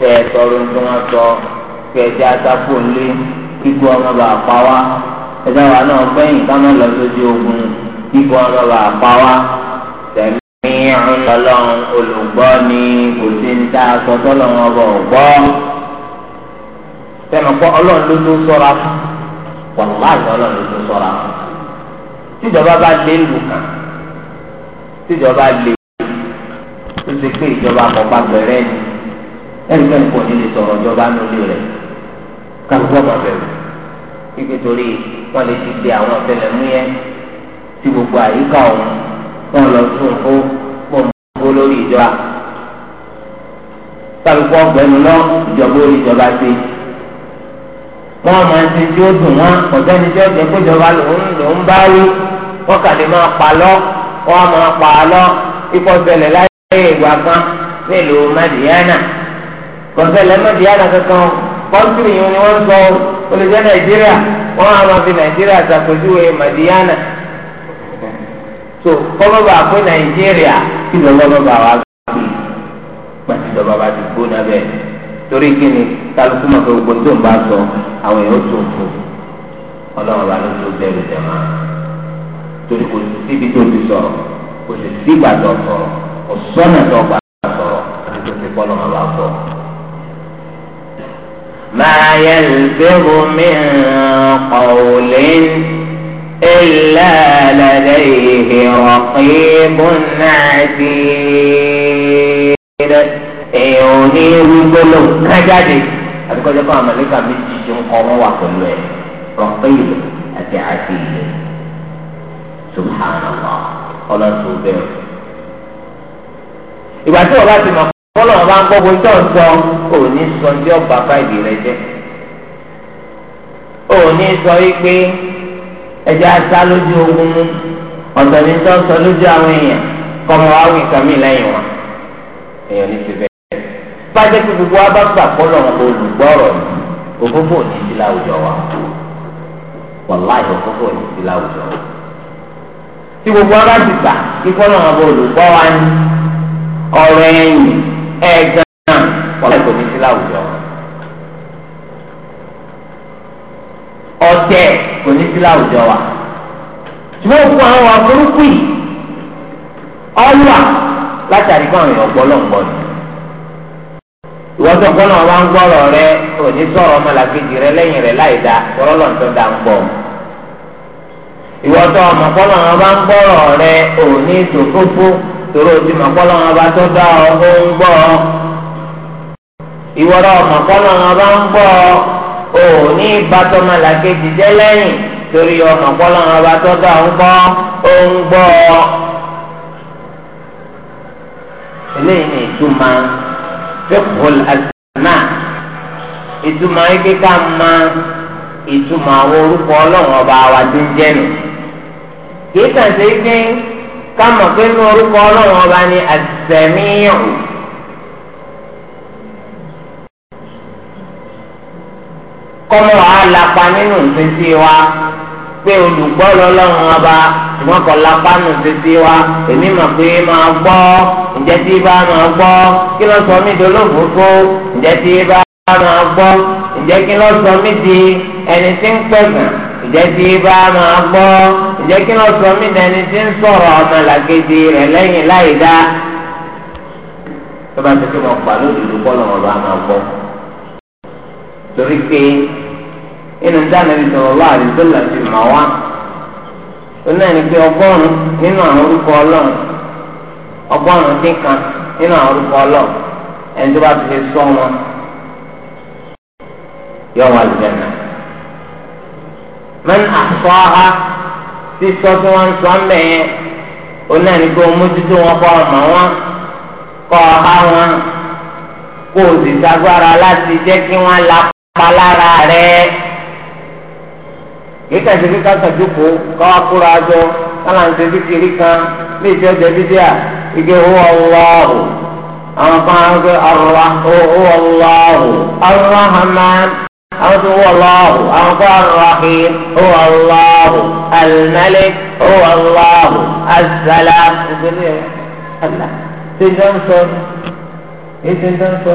tẹ ẹ sọ̀rọ̀ ń tí wọ́n sọ kí ẹ jẹ́ asápò lé kíkú ọmọ bá pa wá ẹ dáwà náà gbẹ̀yìn ká má lọ sójú ogun kíkú ọmọ bá pa wá tẹ̀mí ìyẹn lọ́lọ́run olùgbọ́ ni kò sí ń dá aṣọ tọ́lọ́run ọba ọ̀gbọ́ tẹnu kọ́ ọlọ́run ló tó sọ́ra fún wàláhì ọlọ́run ló tó sọ́ra fún tíjọba bá lé ìlú kan tíjọba lé tó ṣe pé ìjọba àkọ́kọ́ àgbẹ̀rẹ́ ni ẹnikẹ́ni kò ní lè sọ̀rọ̀ ìjọba nílé rẹ̀ kálukọ́ ọmọ bẹ̀rù kíkẹ́ torí wọ́n lè ti gbé àwọn ọ̀tẹlẹ̀múyẹ́ tí gbogbo àyíká ọ̀hún kó lọ fún kó kó kó lórí ìjọba kálukú ọgbẹni lọ ìjọba orí ìjọba ṣe wọn máa ń ṣe tí ó dùn wọn ọ̀gbẹ́ni tí ó jẹ pé ìjọba lòun lòun bá rí wọn kà lè máa pa lọ wọn máa pa lọ ikọ ṣẹlẹ̀ láyé ìgbà kan nílùú madiana kọsẹlẹ madiana kankan kọńtìrì yìí ni wọn sọ olùjẹ nàìjíríà wọn á máa fi nàìjíríà ṣàpèjúwe madiana so kọ́mọ́ bá pé nàìjíríà kí lọ́lọ́mọ́ bá wà gbé pàtí ìjọba bá ti gbóná bẹ́ẹ̀ torí kí ni kálukú máa fẹ́ gbogbo tó ń bá sọ àwọn èèyàn tó ń fò ọlọ́run bá ló tó bẹ́ẹ̀ lọ́jọ́ torí kò síbi tó ti sọ̀rọ̀ kò sì sígbà tó sọ̀rọ̀ kò sọ́nà tó gbà sọ̀rọ̀ àti tó ti kọ́ lọ́mọ́ bá sọ. ما يلفظ من قول إلا لديه رقيب عتيد èèyàn ò ní ewu gbóló kán jáde àbíkọ́jọ́ kọ́ àmàlẹ́kà méjì tó ń kọ́ wọ́n wà pẹ̀lú ẹ̀ rọ̀pẹ́yìn àti àti ilẹ̀ subhanallah ọlọ́run bẹ́ẹ̀. ìgbà tí wọ́n bá ti mọ̀ kọ́lọ́ wọn bá ń gbọ́ bó tó ń sọ ò ní sọ ní ọgbà fáìlì rẹ jẹ́ ò ní sọ wípé ẹjẹ ata lójú ogun mu ọ̀tọ̀ ní tó ń sọ lójú àwọn èèyàn kọ́mọ awì kàmí lẹ́yìn wọn èèyàn ní ti bẹ́ẹ̀. pàjẹ́ kí gbogbo wa bá gbà kọ́lọ̀ olùgbọ́rọ̀ òfófó ní ti láwùjọ wa wàláì òfófó ní ti láwùjọ wa. tí gbogbo wa bá ti gbà kí kọ́lọ̀ ọ̀bọ olùgbọ́ wa ní ọ̀rọ̀ ẹ̀yìn ẹ̀ẹ́dẹ́gbẹ̀rún wàláì kò ní ti láwùjọ wa. ọ̀tẹ̀ kò ní sí láwùjọ wa ṣùgbọ́n òkú àwọn àforúkú yìí ọlọ́à látàrí fún àwọn èèyàn gbọ́lọ́gbọ́ ni ìwọ́sọ̀ gbọ́nà wa ń gbọ́rọ̀ rẹ òní sọ̀rọ̀ ọmọlàkejì rẹ lẹ́yìn rẹ láì dáa tọ́rọ́ lọ́ntọ́ da ń gbọ́ ìwọ́sọ̀ ọmọ gbọ́nà wa bá ń gbọ́rọ̀ rẹ òní ìdòfófó torí o ti mọ̀ gbọ́nà wa bá tó dá ọ ó ń gbọ́ ìwọ́sọ̀ ọmọ gbọ́nà wa bá ń gbọ́ òní ìbátọ́mọlàkejì jẹ́ lẹ́yìn torí ọmọ pọ́lọ́run ọba tó dá ń gbọ́ ó ń gbọ́ ọ. eléyìí ni ìtumọ̀ fẹ́kùl àtìmá ìtumọ̀ ike ká ma ìtumọ̀ àwọn orúkọ ọlọ́run ọba wa ti ń jẹ́ nù. kìí kàn sí ike ká mọ̀ pé ní orúkọ ọlọ́run ọba ni àtìsẹ̀míyàn. kọ́mọ wa lapa nínú ìṣesí wa pé olùgbọ́ lọ́lọ́run ọba wọn kọ́ lapa nínú ìṣesí wa èmi mọ̀ pé máa gbọ́ ǹjẹ́ tí bá máa gbọ́ kí ló sọ mí dolóògùn tó ǹjẹ́ tí bá máa gbọ́ ǹjẹ́ kí ló sọ mí di ẹni tí ń pẹ̀gàn ǹjẹ́ tí bá máa gbọ́ ǹjẹ́ kí ló sọ mí di ẹni tí ń sọ̀rọ̀ ọmọ làkejì rẹ̀ lẹ́yìn láì dá tó bá ti fi mọ̀ pàlódì olùgbọ́ lọ́wọ́ torí pé inú dánilẹ̀ sọ̀rọ̀ lọ́wọ́ àdìsọ́là ti mà wá onáà ní pé ọgọ́rùn nínú àwọn orúkọ ọlọ́run ọgọ́rùn-ún nínú àwọn orúkọ ọlọ́run ẹni tó bá ti fi sọ wọn yọ wà mẹ́ni ha ti sọ tí wọ́n ń sọ ń bẹ̀ yẹn onáà ní pé wọn kọ́ ọmọ wọn kọ́ ọ̀há wọn kó o sì sagbára láti jẹ́ kí wọ́n la palára rẹ kìí kàṣe kí kàṣà jókòó káwá kóra jọ kálá ń ṣe kékeré kan ní ìṣe ọjà bíbí à ike owó ọlọ́ọ̀hù àwọn kan á ń gbé ọ̀rọ̀ owó ọlọ́ọ̀hù ọlọ́hàmán àwọn tó wọ ọlọ́ọ̀hù àwọn kan ọ̀rọ̀hìn owó ọlọ́ọ̀hù alimẹ́lẹ́ owó ọlọ́ọ̀hù azala ìgbélé ṣe ń dán sọ ẹ̀ ṣe ń dán sọ.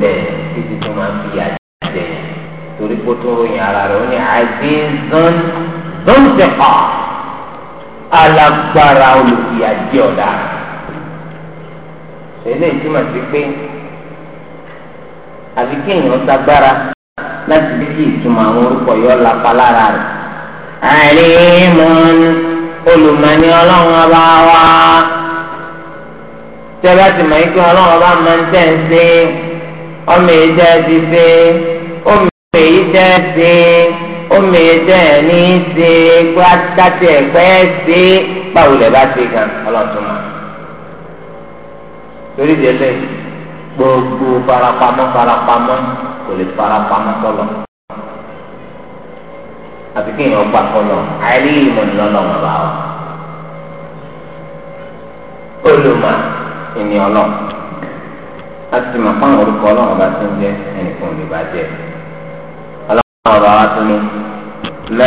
bẹ́ẹ̀ títí tó máa fi àjẹ torí kó tó ròyìn ara rẹ̀ ó ní àdéhùn lóńtẹ̀kọ̀ alágbára olùfìyàjẹ ọ̀daràn tẹ̀lé ìtumọ̀ sí pé àbí kéèyàn sagbára láti bí kí ìtumọ̀ àwọn orúkọ yọ lápá lára rẹ̀. olùmọ̀ni ọlọ́run ọba wa tẹ́lá ti mọ̀ yín ọlọ́run ọba máa ń tẹ̀ ń ṣe ọmọ ìjẹ́ ti ṣe ọmọ ìjẹ́ ṣe ọmọ ìjẹ́ ní ṣe gbàtàtì ẹ̀pẹ́ ṣe báwo lè bá ṣe gan ọlọ́túnmọ̀ torí délé gbogbo farapamọ́ farapamọ́ kò lè farapamọ́ tọ́lọ̀ àti kéèyàn gbà kọlọ̀ àìrí ìmọ̀ lọ́nà ọ̀bà wa olùmọ̀ ènìyàn lọ́nà àti mọ̀ fún àwọn orúkọ ọlọ́run ọba tó ń jẹ́ ẹnìkan ò lè bá jẹ́ ọlọ́run ọba wa tó ní. من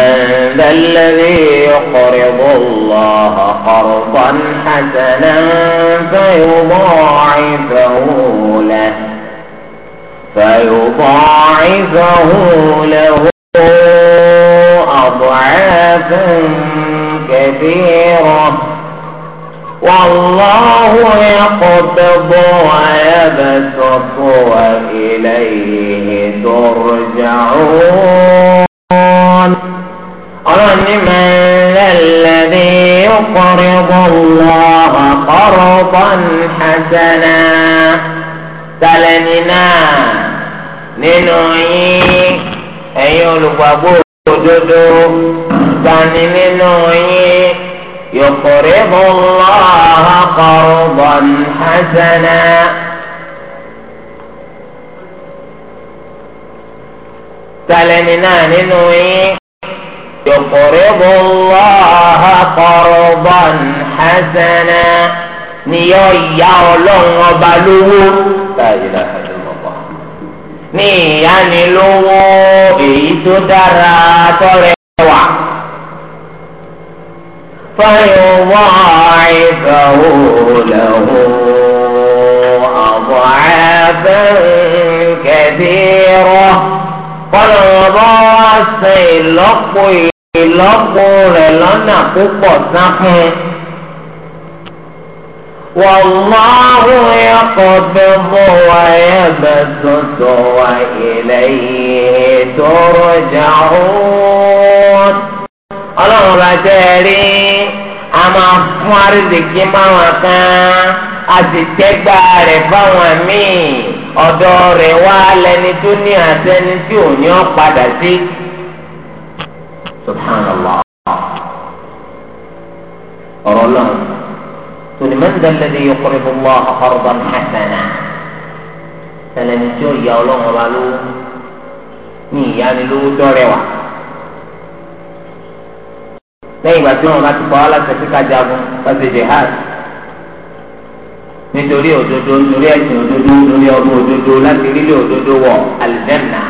ذا الذي يقرض الله قرضا حسنا فيضاعفه له فيضاعفه له أضعافا كثيرة والله يقبض ويبسط وإليه ترجعون قل من الذي يقرض الله قرضا حسنا tàlẹ́nìnà nínú yín ẹ̀yin olùgbàgbọ́ òdodo يقرض الله قرضا حسنا سالننا ننوي يقرض الله قرضا حسنا ni yọ ìyá ọlọ́run ọba lówó ní ìyá ni lówó èyí tó dára tọrẹ wà. فيضاعفه له أضعافا كثيرة فالضاع سيلقي ìlọ́kùn rẹ̀ lọ́nà púpọ̀ sáfún. Wàláhù yàkọ̀dọ̀ bọ̀ wá ẹ̀bẹ̀ tuntun wá ilẹ̀ yìí tó rọjà hùwà ọlọ́run ọba tẹ́ ẹ rí a máa fún arídìkí máwọn kan a sì tẹ́gbà rẹ̀ fáwọn míì ọ̀dọ̀ rẹ̀ wá lẹni tó ní àtẹni tí ò ní ọ́ padà sí. ọ̀rọ̀ náà tòní mẹ́ta lẹ́dí yọkùnrin mọ́ ọ̀rọ̀dọ̀ hasana tẹ̀lẹ́ni tí ó yà ọlọ́run ọba lówó ní ìyánilówó dọ́rẹ́wà lẹ́yìn ìgbà tí wọn bá ti pa wá láti ẹ̀ka jagun láti jihad nítorí òdodo nítorí ẹ̀sìn òdodo nítorí ọmọ òdodo láti rílé òdodo wọ alìdẹ́nà.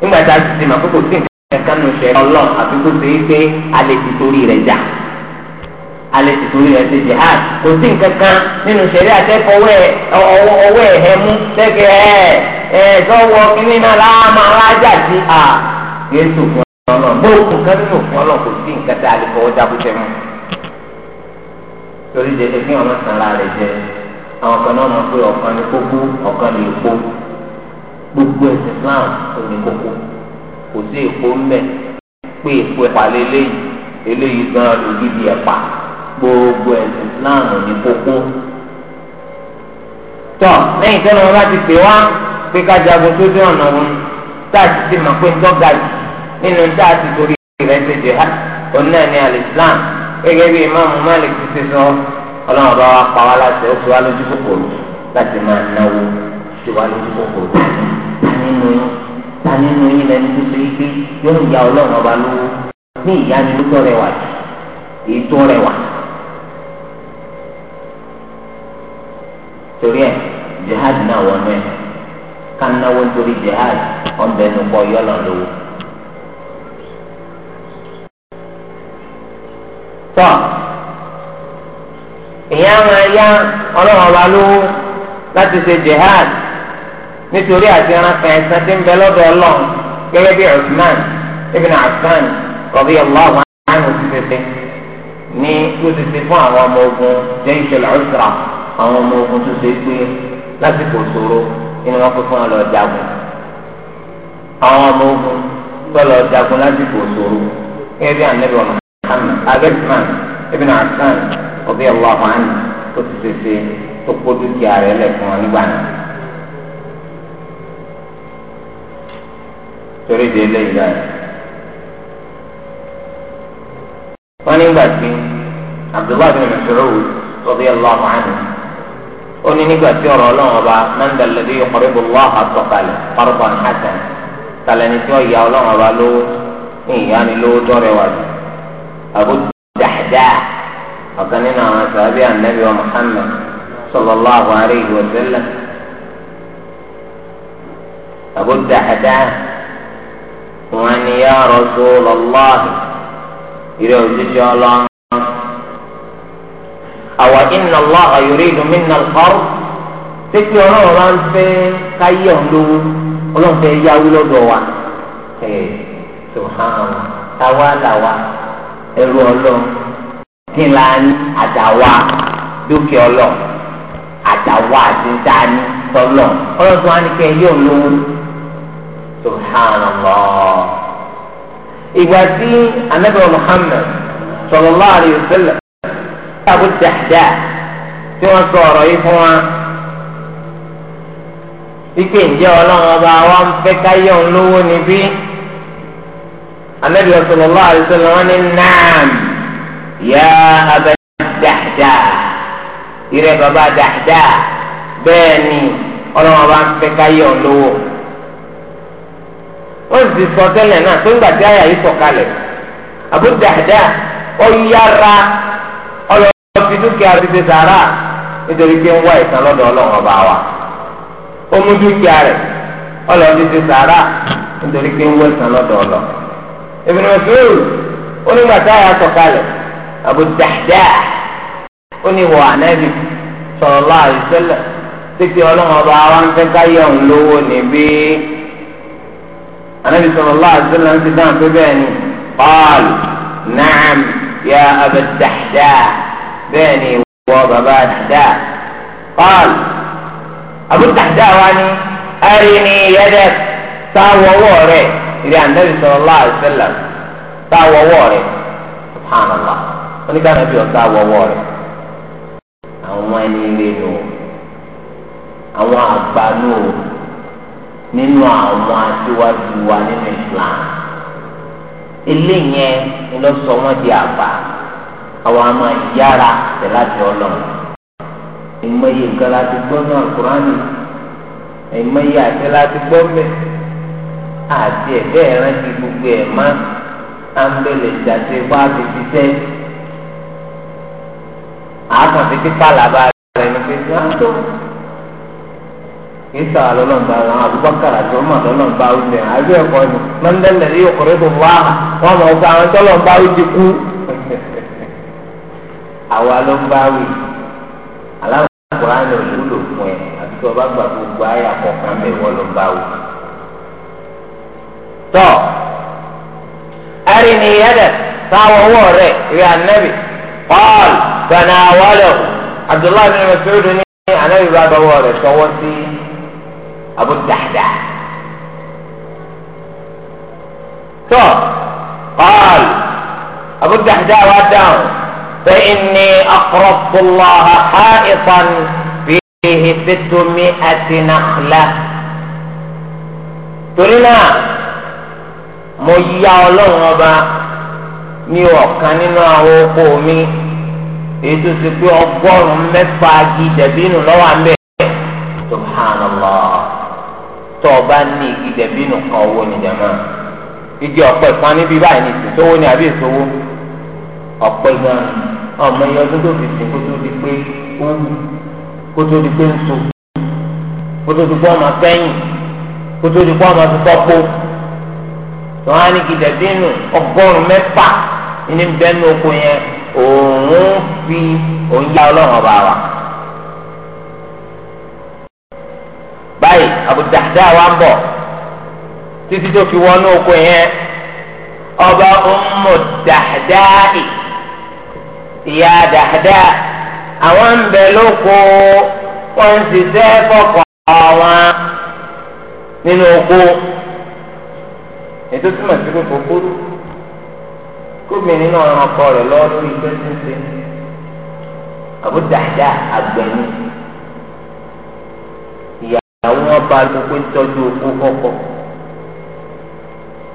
nígbà tá a ti ti mà kókò sí nǹkan nù sẹ́ ọlọ́ọ̀ àti kó ṣe é pé alẹ́ ti torí rẹ̀ jà alẹ́ ti torí rẹ̀ ṣe jihad kò sí nǹkan kan nínú sẹ́rí àtẹ́kọ̀ ọwọ́ ẹ̀hẹ́ mú tẹ́kẹ̀ ẹ̀ ẹ̀ sọ́wọ́ láàmú alájà sí à kìí sòfin ọlọ́run bó òkun kan nínú òfin ọlọ́run kò sí nǹkan tá a lè fọwọ́ jábútẹ́ mọ́ torí jẹjẹ kí ọmọ sanra rẹ jẹ àwọn kan náà mọ̀ pé ọ̀kan ní kókó ọ̀kan ní èkó gbogbo ẹ̀sìn Islam ò ní kókó kò sí èkó ńbẹ pé èkó ẹ̀pà lélẹ́yìí eléyìí gan lòdìdí ẹ̀pà gbogbo ẹ̀sìn Islam ò ní kókó tọ lẹ́yìn tó lọ bá ti pè wá pé ká jagun tó dé ọ̀nà òun tá a ti ti mọ̀ pé ń tọ́ ga jù nínú tá a ti torí rẹ̀ ṣe jihad òun náà ní alìsílám gẹ́gẹ́ bí imáàmù Malik ti ṣe sọ ọlọ́run bá wa pa wá láti ó ti wá lójú kòkòrò láti máa náwó ti wá lójú kòkòrò nínú ta nínú yín lẹni tó ṣe pé yóò ya ọlọ́run ọba lówó ní ìyánilótọ́ rẹwà èyí tó rẹwà. torí ẹ jihad náà wọnú ẹ ká náwó nítorí jihad ọ̀nbẹ́nu pọ̀ yọ̀lọ̀ lówó. tọ́ èèyàn máa yá ọlọ́run ọba lówó láti ṣe jihad nítorí àti ránṣẹ́ ẹ̀sán tí ń bẹ lọ́dọ̀ ọlọ́run gẹ́gẹ́ bí Usman ibn Affan radiyallahu anhu ti ṣẹṣẹ ní ló ti ṣe fún àwọn ọmọ ogun jaysh al-usra àwọn ọmọ ogun tó ṣe pé lásìkò ṣòro inú wọn kó fún wọn lọ jagun àwọn ọmọ ogun tó lọ jagun lásìkò ṣòro gẹ́gẹ́ bí anabi wa abẹ́tìmán ibn Affan radiyallahu anhu tó ti ṣèṣe tó kó dúkìá rẹ̀ lẹ̀ fún ọ nígbà náà. torí de ilé ìgbà yìí. wọ́n nígbà tí abdullahi bin Mas'ud radiyallahu anhu ó ní nígbà tí ọ̀rọ̀ ọlọ́run ọba man dhal ladhi yuqridu Allaha àtọ̀kalẹ̀ qardan hasan kàlẹ́ni tí ó yà ọlọ́run ọba lówó ní ìyá ni lówó tọ́rẹ̀ wájú abu dahdaa ọ̀kan nínú àwọn sàbí anabi wa muhammad sallallahu alayhi wa sallam abu dahdaa wọn ni ya rasulallah ìrẹ òjijì ọlọ́run àwa inna allah yuridu minna al-qard tẹ́tí ọlọ́run máa ń fẹ́ káyé ọ̀hún lówó ọlọ́run fẹ́ yáwó lọ́dọ̀ wa ẹ̀ subhanallah táwa làwa ẹrú ọlọ kí n la ní àdáwà dúkìá ọlọ àdáwà àti dání tọlọ ọlọtún wa ni kẹ yóò lówó subhanallah ìgbà tí anabi muhammed sallallahu alayhi wa sallam abu dahda tí wọn sọ ọ̀rọ̀ yìí fún wa wípé ǹjẹ́ ọlọ́run ọba wa ń fẹ́ ká yọ̀ ń lówó níbí anabi صلى الله عليه ní naam ya abẹ dàdà ìrẹ bàbá dàdà bẹ́ẹ̀ ni ọlọ́wọ́n bá ń fẹ́ káyọ̀ lówó wọ́n sì sọ tẹ́lẹ̀ náà pé ńgbà tí àyà yìí sọ̀kalẹ̀ Abu Dahda ọ̀yára ọlọ́ọ̀fi dúkìá ti ṣe sàárà nítorí pé ń wá ìtàn lọ́dọ̀ ọlọ́run ọba wa ó mú dúkìá rẹ̀ ọlọ́ọ̀fi ṣe sàárà nítorí pé ń wá ìtàn lọ́dọ̀ ọlọ́run. Ibn Mas'ud onígbà táyà sọ̀kalẹ̀ Abu Dahda oníwọ̀ ànábì sallallahu alaihi wasallam títí ọlọ́run ọba wa ń fẹ́ ká yẹ òun lówó níbí ànábì sallallahu alaihi wasallam ń ti dáhùn pé bẹ́ẹ̀ ni paul naam ya Abu Dahda bẹ́ẹ̀ ni ìwọ bàbá Dahda paul Abu Dahda wa ni arini yadak sáwọ́ wọ̀ rẹ̀ ìrì ànábì sallallahu alaihi wasallam tá a wọ́wọ́ rẹ̀ subhanallah onígbàgbọ́ bí ọ̀tá wọ́wọ́ rẹ̀ àwọn ẹni ilé nù àwọn àgbà nù nínú àwọn aṣíwájú wa nínú Islam ilé yẹn lọ sọ wọn di àgbà àwọn àmọ́ yára tẹ láti Ọlọ́run ìmọye nǹkan láti gbọ́ náà kúránì ìmọye àti láti gbọ́ bẹ́ẹ̀ àti ẹ̀gbẹ́ ìrántí gbogbo ẹ̀ má àmbẹ̀lẹ̀ ìdàtí wá fi ṣiṣẹ́. àákàn fi tipa làbá rẹ̀ ní pé wọ́n tó isa lọlọmba wọn Abubakar àti ọmọ lọlọmba ọmọ àbí ẹkọ ni lọndẹlẹ yóò kọrẹ tó wá wọn mọ ọgbà àwọn tọlọmba ó ti kú àwa ló ń bá wí aláwọ kura ni òwúlò fún ẹ àti tí wọn bá gbà gbogbo ayé àkọkàn bẹ wọn ló ń bá wí. ط أرني يدك ط هو ر يا النبي قال تناوله عبد الله بن مسعود عن ابي بابا هو ر صوتي ابو الدحداح ط قال ابو الدحداح واداه فاني اقرضت الله حائطا فيه ستمائه نخله ترنا mo yá ọlọ́run ọba ní ọ̀kan nínú àwọn oko mi èyí tó ti pé ọgọ́rùn-ún mẹ́fà igi dẹ̀bínú lọ́wọ́ àmì ẹ̀ subhanallah tó o bá ní igi dẹ̀bínú kan owó ni jama igi ọ̀pẹ kan níbí báyìí ní ìsòwò ni àbí ìsòwò ọ̀pẹ gan ọmọ ẹ̀yọ́ tó tó fi sìn kó tó di pé ó kó tó di pé ń so kó tó di pé ọmọ sẹ́yìn kó tó di pé ọmọ tó tọ́ pọ́. wọn á ní kí dẹbí nù ọgọ́rùn mẹ́fà ní oko yẹn òun fi òun yá Ọlọ́run ọba wa. báyìí Abu wa ń bọ̀ títí tó fi wọnú oko yẹn ọba Ummu ìyá Dahda àwọn ń bẹ lóko wọn ń ṣiṣẹ́ fọkàn nínú oko. ètò túmọ̀ sí pé kókó kóbìnrin náà ran ọkọ rẹ̀ lọ́wọ́ sí iṣẹ́ ṣíṣe àbú dàda àgbẹ̀ni ìyàwó wọn bá lu pé ń tọ́jú owó kọ́kọ́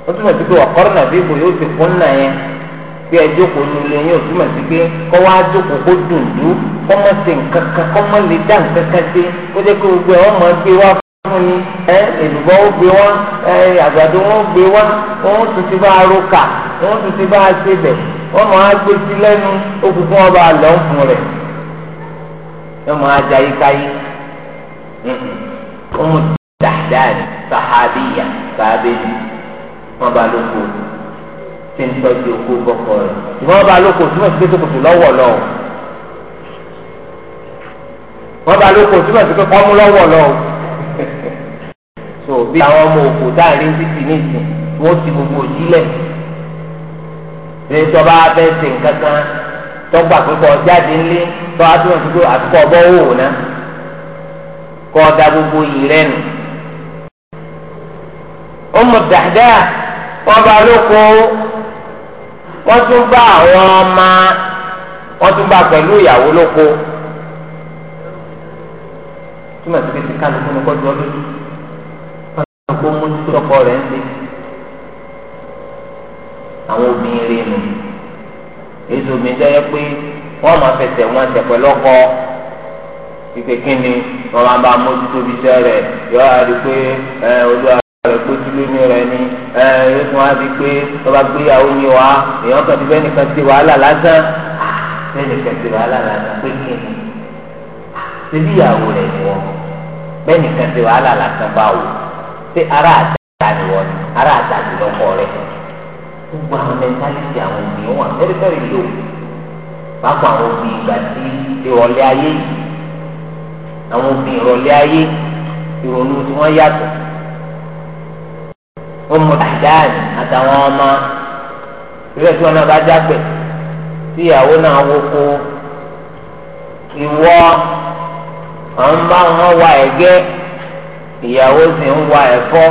ó túmọ̀ sí pé ọ̀kọ́rọ̀ nàbí ìbò yóò ti kún náà yẹn bí ẹ jókòó ní ilé yín ò túmọ̀ sí pé kọ́ wá jókòó kó dùndú kọ́ mọ̀ sí nǹkan kan kọ́ mọ̀ lè dá nǹkan kan sí kó jẹ́ pé gbogbo ẹ̀ wọ́n mọ̀ gbé wá fún yín ẹ èlùbọ́ ó gbé wá ẹ àgbàdo wọn ó gbé wá wọn ó tún ti bá a roka wọn ó tún ti bá a ṣe bẹ̀ wọn máa gbé sí lẹ́nu okùnkùn ọba àlọ́ fún rẹ̀ wọn máa jẹ ayíkáyí ọmọ dáadáa sàhábìyà sàhábìyà wọn bá lóko tí ń tọ́jú oko bọ́kọ rẹ̀ ìwọ́n bá lóko túmọ̀ sí pé kòtò lọ́wọ́ lọ́wọ́ wọ́n bá lóko túmọ̀ sí pé kọ́mú lọ́wọ́ lọ́wọ́. tó bí àwọn ọmọ òkú dáàrin títì nìsín wọn ti gbogbo òjílẹ̀ lẹ́yìn bá bẹ́ẹ̀ ṣe nǹkan kan tọ́gbà pípọ̀ jáde ńlé tó a tó ń ọ gbogbo yìí wọn bá lóko wọn tún bá àwọn ọmọ wọn tún bá ìyàwó lóko túmọ̀ kó mójútó ọkọ rẹ̀ ń lé àwọn obìnrin nù èso mi jẹ́ pé wọ́n máa fẹsẹ̀ wọn tẹ̀ pẹ̀lú ọkọ pípé kí ni wọ́n máa bá mójútó bí iṣẹ́ rẹ̀ yọ àdí pé olúwa rẹ̀ kójú lónìí rẹ̀ ni yóò tún wá di pé wọ́n bá gbéyàwó ni wá èèyàn kan ti fẹ́ nìkan ti wàhálà lásán ah, fẹ́ẹ́ nìkan ti wàhálà lásán pé kí ni ah, ṣe bí ìyàwó rẹ̀ ni wọ́n fẹ́ẹ́ nìkan ti wàhálà lásán báwo. pé ara àtà ni wọ́n ará àtà ti lọ́kọ rẹ̀ gbogbo àwọn mẹ́ntálítì àwọn obìnrin wọn fẹ́rẹ́fẹ́rẹ́ yìí o pàápàá àwọn obìnrin ìgbà tí ìrọ̀lẹ́ ayé àwọn obìnrin ìrọ̀lẹ́ ayé ìrònú tí wọ́n yàtọ̀ wọ́n àtàwọn ọmọ ìrẹ́ tí wọ́n náà bá jágbẹ̀ tí ìyàwó náà àwọn ìyàwó sì ń wa ẹ̀fọ́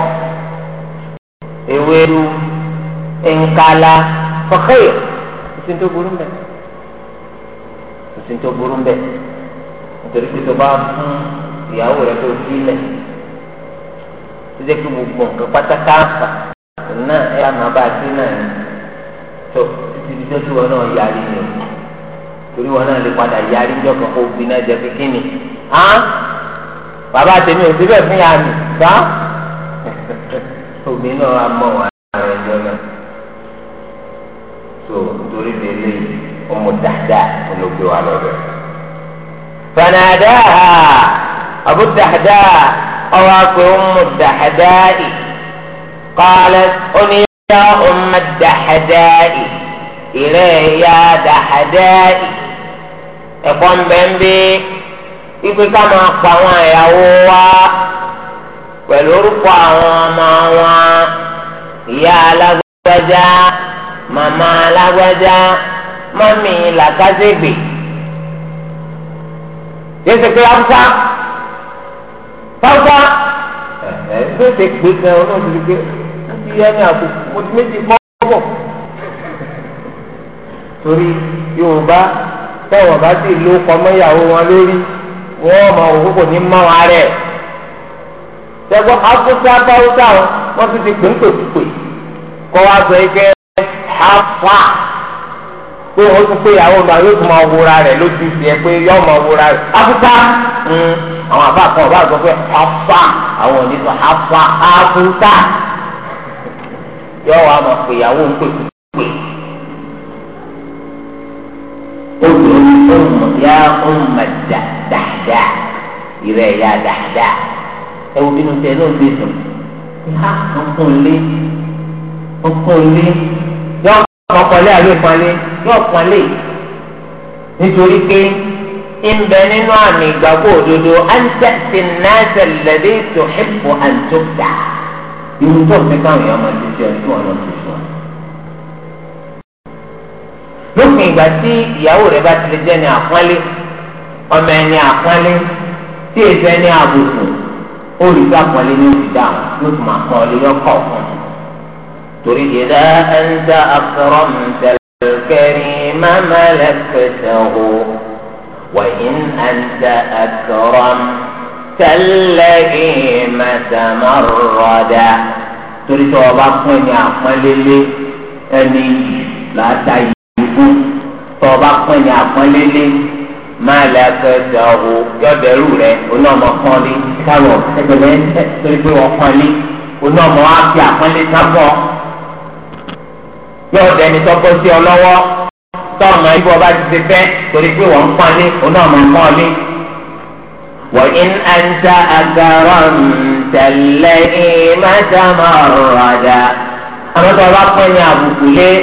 ewédú nkàlà fọkẹ́yọ̀ òsín tó burú mbẹ́ òsín tó burú mbẹ́ nítorí pé tó bá fún ìyàwó rẹ tó fi lẹ̀ tó jẹ́ kí gbogbo nǹkan pátákà fà náà ẹ̀ àmà bá a sí náà ni tó títí tí tó ti wọn náà yarí ni torí wọn náà lè padà yarí jọ́ kan kó obìnrin náà jẹ́ pé ni bàbá tèmi ò síbẹ̀ fún yà mí bá òbí náà á mọ̀ wọn àwọn ẹjọ́ náà tó nítorí délé ọmọ dáadáa olóògbé wa lọ́dọ̀ fanadaha abu dáadáa ọwọ́ akpé ọmọ dáadáa kọ́lẹ́ oníyà ọmọ dáadáa ìrẹ́ ya dáadáa ẹ̀kọ́ mbẹ́mbẹ́ ipe ká máa pa àwọn ìyàwó wa pẹ̀lú orúkọ àwọn ọmọ wa ìyá alágbájá màmá alágbájá mọ́mí làkàzégbè yéésì pé haúsá haúsá ẹ̀ ẹ́ ṣe pé kan ọlọ́run ti di pé wọ́n ti yẹ ní àpò mo ti méjì bọ́ bọ̀ torí yorùbá tẹ̀wọ̀n bá sì ló kọ́ wọn lórí wọ́n mọ òkú kò ní mọ́ wọn rẹ̀ sẹ́gbọ́ hafusa báwùsà wọ́n ti ti gbẹ̀ngbẹ̀gbẹ̀ kọ́ wa sọ yìí kẹ́ hafa pé o tún pé ìyàwó náà yóò tún máa wúra rẹ̀ lójú ìfẹ́ pé yóò máa wúra rẹ̀ hafusa hmm. àwọn àbá kan ọba àgbọ̀ pé hafa àwọn òní sọ hafa hafusa yóò wá mọ̀ pé ìyàwó ń pè pè obìnrin ọmọ ya ọmọ dáadáa ìrẹ̀ ya dáadáa ẹ wo bínú tẹ ló ń gbé sùn ha ọkùnrin lé ọkùnrin lé yọ ọkọlẹ àbí ìpọnlé yọ ọpọnlé nítorí pé ìbẹ nínú àmì ìgbàgbọ́ òdodo àǹtẹ̀sí náà tẹ̀lẹ́dẹ́ tó hẹ́pọ̀ àǹtọ́ta ìwúntọ́ fẹ́ káwọn èèyàn máa ti ṣe ọdún ọ̀nà tuntun. lópin ìgbà tí ìyàwó rẹ̀ bá ti lè jẹ́ ní àpọ́nlé ọmọ ẹni àpọ́nlé tí èso ẹni àbùkù olùkọ́ àpọ́nlé ní oṣù dáhùn yóò tún máa pọ́n lé kọ ko okan torí ìdá ẹnta àfẹ́rọ́ mùtẹ̀lẹ́kẹ́rì máma lẹ lẹ́kẹ̀tẹ̀ o wà yín ẹnjẹ wẹ̀yìn ẹnta àfẹ́rọ́ tẹ́lẹ̀kì mẹ́tẹ̀mọ́rọ́dà torí tí wọ́n bá pọ́n ní àpọ́nlé lé ẹni yìí làá kú tọ́ ọba pín ní àpọ́nlélé máa lẹ akẹ́kẹ́ ọ̀hún yọ̀dẹ̀rù rẹ̀ onáàmọ̀ kan lé káwọn ẹgbẹ̀rẹ̀ ẹ̀ torí pé wọ́n kan lé onáàmọ̀ á fi àpọ́nlé sábọ̀ yọ̀dẹ̀ni tọ́kọ sí ọ lọ́wọ́ tọ́ọ̀mọ̀ ibi ọba ti ti fẹ́ torí pé wọ́n kan lé onáàmọ̀ kan lé. وإن أنت أكرمت اللئيم تمردا أما تبقى يا أبو كليه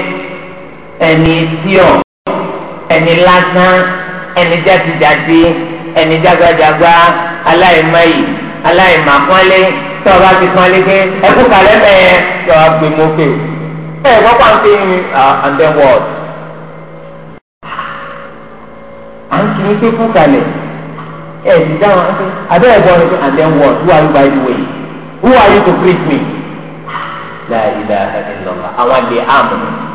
ẹni tíọ̀ ẹni lásán ẹni jáde-jáde ẹni jágbajàgba aláìmọ̀yì aláìmọ̀kànlé tọ́ba ti kànlé pé ẹkú kàlẹ́ mẹ́ẹ̀ tọ́ba pé mo pè ó ẹ̀ kọ́kọ́ à ń pè ní ah, and then what à ń kiri pé kú kalẹ̀ ẹ̀ ti dáhùn abẹ́ ẹ̀ bọ́ ẹ̀ and then what who are you by the way who are you to greet me la ilaha illallah àwọn àlè àmì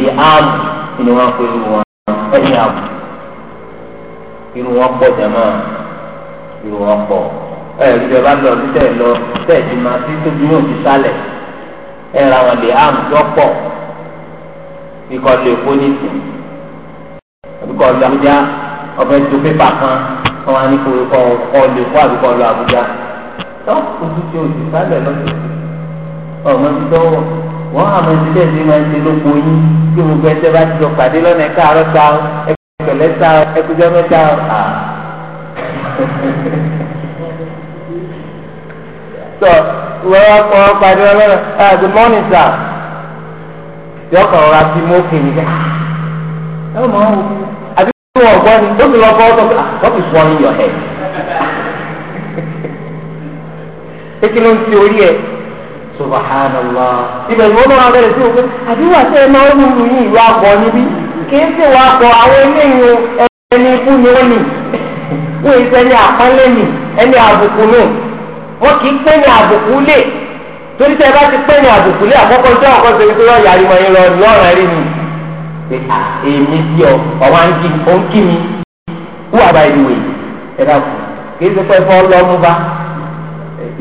lè áàmù ni wọ́n pe irun wọn ẹ̀yìn ààbò irun wọn pọ̀ jẹ́mọ́ irun wọn pọ̀ ẹ̀ ìjọba lọ sí tẹ̀ lọ tẹ̀ ti máa ti tóbi yóò ti sálẹ̀ ẹ̀ ra wọn lè áàmù tó pọ̀ ikọ̀ lè kó ní sùn àbíkọ̀ lọ Àbújá ọ̀fẹ́ tó pépà kan wọn á ní kó kọ́ ọ lè kó àbíkọ̀ lọ Àbújá tó ojú tí o ti sálẹ̀ lọ́sọ̀ọ́ ọ̀mọ́ ti tọ́wọ́ wọ́n hàn mí síbẹ̀ ní máa ń ṣe lóko yín kí gbogbo ẹsẹ̀ bá ti jọ pàdé lọ́nà ẹ̀ka àárọ̀ ta ọ ẹ̀kẹ́lẹ́ ta ọ ẹ̀kújọ́ mẹ́ta ọ. sọ wọ́n kọ́ pàdé ọlọ́run ah good morning sir tí ọkọ̀ ọ̀rọ̀ àti mọ́kì ní ká ẹ mọ̀ wọ́n gbọ́ ni ó ti lọ bọ́ ọ́tọ̀ ah, what is wrong in your head? pé ń ti orí ẹ̀ subhanallah. ibẹ̀ ni wọ́n bá wọn bẹ̀rẹ̀ sí òkú àdúrà tẹ ẹ máa ń mú mi ìlú àgbọ̀ níbí kì í sì wá bọ̀ àwọn eléyìí ẹni ikú ni wọ́n nì wọ́n ìṣe ẹni àpọ́nlé nì ẹni àbùkù nù wọ́n kì í pé ní àbùkù lè torí tẹ ẹ bá ti pé ní àbùkù lé àkọ́kọ́ tó àkọ́kọ́ ṣe wípé wọ́n yàrá ìmọ̀ yín lọ lọ́rùn ẹ̀rí mi pé èmi bí ọ ọ̀wá ń kí mi wúwà báyìí wèé ẹ dàpọ̀ kì í ṣe pé fọ́ lọ́mú bá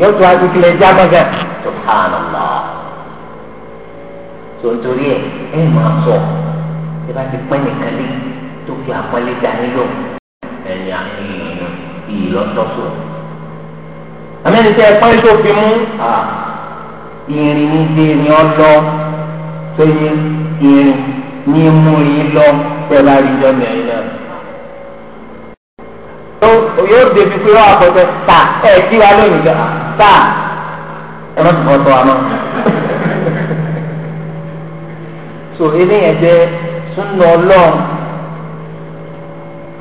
yóò tún aṣọ ìkìlẹ̀ já gbọ́ngàn subhanallah tó ń torí ẹ̀ ẹ̀ máa sọ ẹ bá ti pẹ́ nìkan lé tó fi àpọ́nlé dání lò ẹ̀yìn àìyàn ìyì lọ́tọ́sọ. àmẹ́ni tẹ́ ẹ tó fi mú ìrìn ní gbé ni ọ lọ tó yẹ ìrìn ní mú yín lọ tẹ́ bá rí jọ́mi ẹ̀yìn náà yóò débi pé wọn àpọ̀jọ ta ẹ̀ wa lónìí gan tá ẹ má tún ọtọ àná. so eléyẹn jẹ súnà Ọlọ́run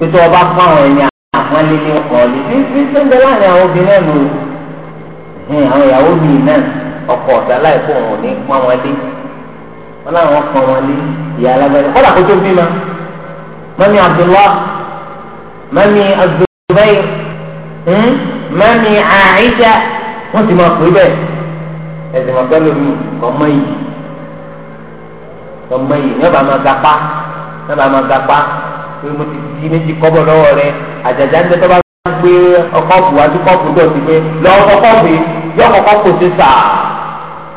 pé tó o bá pa àwọn ẹ̀yìn àwọn lílé ọkọ lè fi fi sẹ́ńdẹ̀ láàrin àwọn obìnrin ẹ̀ lò ẹ̀hìn àwọn ìyàwó mi náà ọkọ ọ̀dà láìpọ̀ wọn ò ní pa wọn lé wọn láwọn pa wọn lé ìyá alágbẹ́rẹ́ kọ́dà kó tó bí ma mami Abdullah mami Azubair hmm, mami Aisha wọ́n ti máa pè bẹ́ẹ̀ ẹ̀sìn mọ̀ pẹ́lú mi ọmọ yìí ọmọ yìí ní ọba máa gapá ní ọba máa gapá pé mo ti di méjì kọ́bọ̀ lọ́wọ́ rẹ àjàjà ń tẹ́tọ́ bá gbé ọkọ̀ọ̀bù wájú kọ́ọ̀bù dọ̀tí pé lọ́wọ́ kọ́ọ̀bù yọ kọ́kọ́ kò sí sà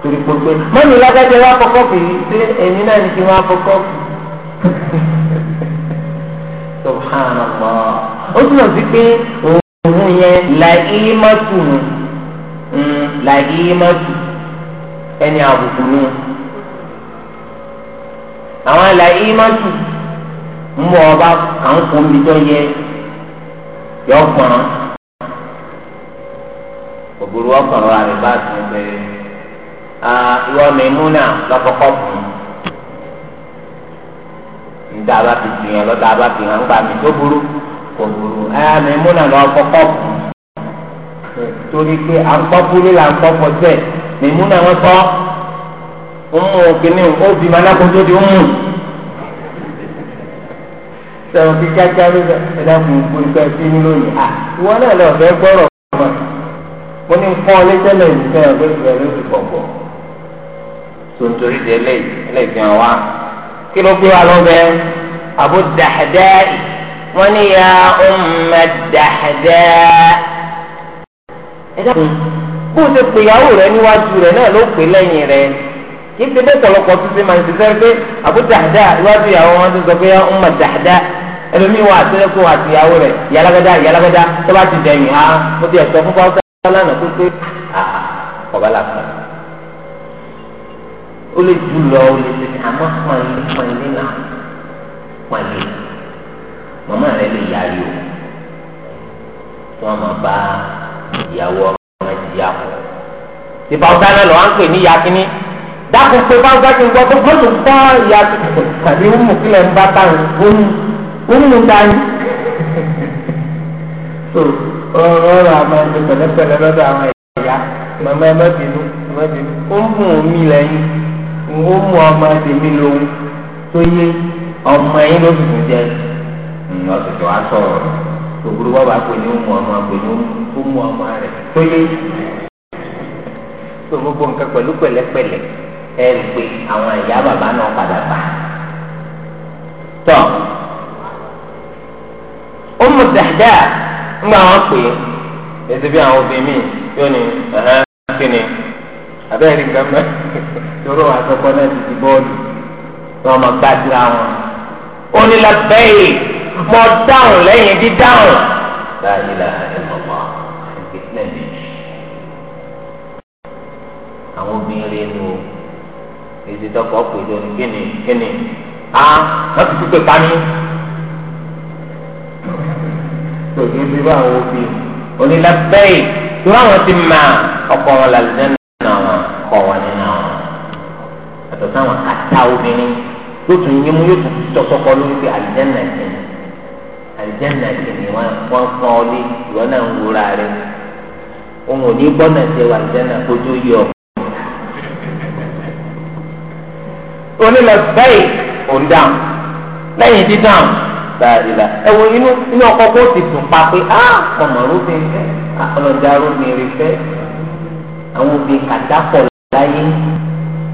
torí gbogbo mọ́nì lágbájá wá kọ́kọ́ bì í ṣé èmi náà ní kí wọ́n á kọ́kọ́ bì subhanallah ó túnbọ̀ sí pé òun yẹn là í mọ́tò làyé mọ́tò ẹni àbùkù ni àwọn làyé mọ́tò ń bọ̀ ọba kàn kó mi jọ yẹ yọ gbọ́n òbúrú ọkàn rà rẹ̀ bá tún bẹ́ẹ̀ ìwọ mẹ́múnà lọ́kọ́kọ́ fún un níta bá fi tìyàn lọ́ta bá fi hàn gbà mí tó burú kò burú ẹ̀ mẹ́múnà lọ́kọ́kọ́ fún torí pé à ń kọ́ fúlé là ń kọ́ fọ́tẹ́ mímú náà wọ́n kọ́ ọmọ òkèlè ó bí ma lákòótó di ọmọ sọ̀rọ̀ kí kíákíá ló dá fún gbogbo ẹbí ní lónìí à ìwọ náà lọ fẹ́ gbọ́rọ̀ ọmọ mo ní kọ́ ọ létẹ́lẹ̀ ìfẹ́ ọ̀gbẹ́ ìfẹ́ ló ti pọ̀pọ̀ tontori de lẹ́yìn wa kí ló gbé wa lọ bẹ Abu Dahdaa wọ́n ní ya Umma Dahdaa ẹ̀dá bó ṣe pè ìyàwó rẹ níwájú rẹ náà ló pè lẹ́yìn rẹ kì í ṣe bẹ́ẹ̀ tọ̀lọ̀pọ̀ tó ṣe máa ń ṣiṣẹ́ pé Abu Dahda iwájú ìyàwó wọn tó sọ pé Ummu Dahda ẹlòmíín wà àtẹ́lẹ́kọ̀ àti ìyàwó rẹ yàlágádá yàlágádá tó bá ti dẹ̀yìn á ah, mo ti ẹ̀sọ́ fún báwọ́sá lánàá tó pé ah, ọ̀bá làkà ó lè jù lọ ó lè ṣe àmọ́ pọ̀nlé pọ̀nlé náà pọ̀nlé màmá rẹ ìyàwó ọmọ ìyá kù. ìbá ọ̀tá náà lọ́wọ́ ń pè ní ìyá kínní dákun pé bá ń gbá kí n gbọ́ tó gbọ́dọ̀ gbá ìyá tàbí ń mú kílẹ̀ ń bá táwọn ònú ònú dání. tó ọ̀rọ̀ àmọ́ ẹni pẹ̀lẹ́pẹ̀lẹ́ lọ́dọ̀ àwọn ẹ̀yà màmá ẹ má bínú má bínú ó mú mi lẹ́yìn ó mú ọmọ tèmi lòun tó yé ọmọ ẹ̀yìn ló sì tún jẹ ọ̀sẹ̀ tó wá sọ̀rọ̀ gbogbo wọn bá pè ní ọmọ ọmọ pè ní ọmọ ọmọ rẹ pélé tó gbogbo nǹkan pẹ̀lú pẹ̀lẹ́pẹ̀lẹ́ ẹ gbé àwọn ìyá bàbá náà padà bá tọ ọmọ dàda ńgbà wọn pè é ẹsẹ bí àwọn obìnrin mi yóò ní kíni abẹ́rẹ́ nǹkan mẹ́ lóró àtọkọ náà ti di bọ́ọ̀lù wọn máa gbàdúrà wọn ó ní lábẹ́yìí mọ dáhùn lẹ́yìn dídáhùn. láàyè làá ẹ mọ̀ mọ́ ìpínlẹ̀ méjì. àwọn obìnrin nù èsì tọkọ péjọ ní kíni kíni á wọ́n ti pípé pa mí. tòkì ti bá àwọn òbí onílàbẹ́yì tó àwọn ti mà ọkọ wọn làlùjẹ́ náà wọn kọ wọn nínú wọn. àtọ̀ sáwọn kàtà obìnrin yóò tún yín mú yóò tún tọ́sọ́kọ lórí pé àlùjẹ́ náà ti nà àlìjẹ́nà kìnìún wọn wọ́n pọ́n ọ lé ìwọ náà ń wúra rẹ̀ òun ò ní gbọ́nà ṣe wà àlìjẹ́nà kójú yọ. onílọ bẹ́ẹ̀ ò ń dáhùn lẹ́yìn dídáhùn dáadáa ẹ wo inú inú ọkọ kó ti dùn pa pé á ọmọ rúbin fẹ́ ọlọ́dà rúbin fẹ́ àwọn obìnrin kàdápọ̀ láyé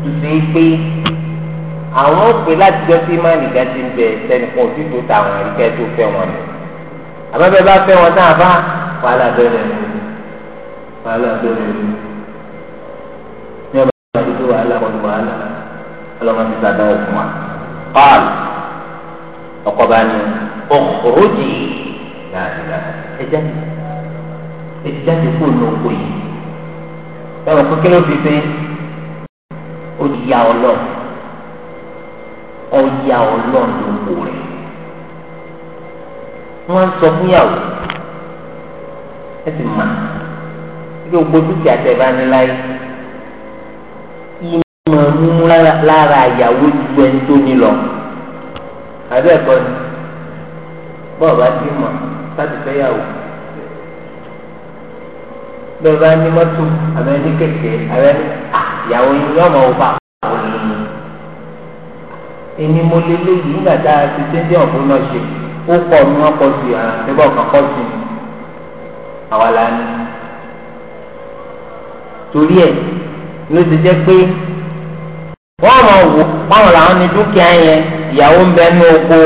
tó pé àwọn ò pè láti jọ sí má nìkan ti ń bẹ sẹ́nìkan òtí tó ta àwọn ẹ̀rí kẹ́ẹ́ tó fẹ́ wọn ni àbẹ́bẹ́ bá fẹ́ wọn náà bá wàhálà bẹ̀rẹ̀ ni wàhálà bẹ̀rẹ̀ ni ní ọ̀bẹ ìgbà tó tó wàhálà kọ́ni wàhálà ọlọ́mọ ti ta dáwọ́ wa. paul ọkọ bá ní ọkọ̀rọ̀jì dáadáa ẹ jáde jáde kó ní oko yìí ẹ wọ́n kékeré fi pé ó di ya ọlọ́run ọ̀yà ọlọ́run lóko rẹ̀ wọ́n ń sọ fúnyàwó ẹ sì mà kí gbogbo dúkìá tẹ bá ní láyé ìmọ̀ mú lára ìyàwó ju ẹni tó ní lọ àbẹ́ ẹ̀kọ́ ni bọ́ọ̀ bá ti mọ̀ láti fẹ́ yàwó bẹ́ẹ̀ bá ní mọ́tò àbẹ́ ní kẹ̀kẹ́ àbẹ́ ní ah, ìyàwó yín yọ̀ọ́ mọ̀ ọ́ bá wọ́n ní èmi mo lè léyìí nígbà tá a ti dé dé ọ̀gbọ́n náà ṣe ó pọ̀ ní wọ́n pọ̀ sí ara nígbà ọ̀kan pọ̀ sí i àwa la ní. torí ẹ̀ ló ti jẹ́ pé wọ́n mọ̀ wò báwọn làwọn ní dúkìá yẹn ìyàwó ń bẹ ní oko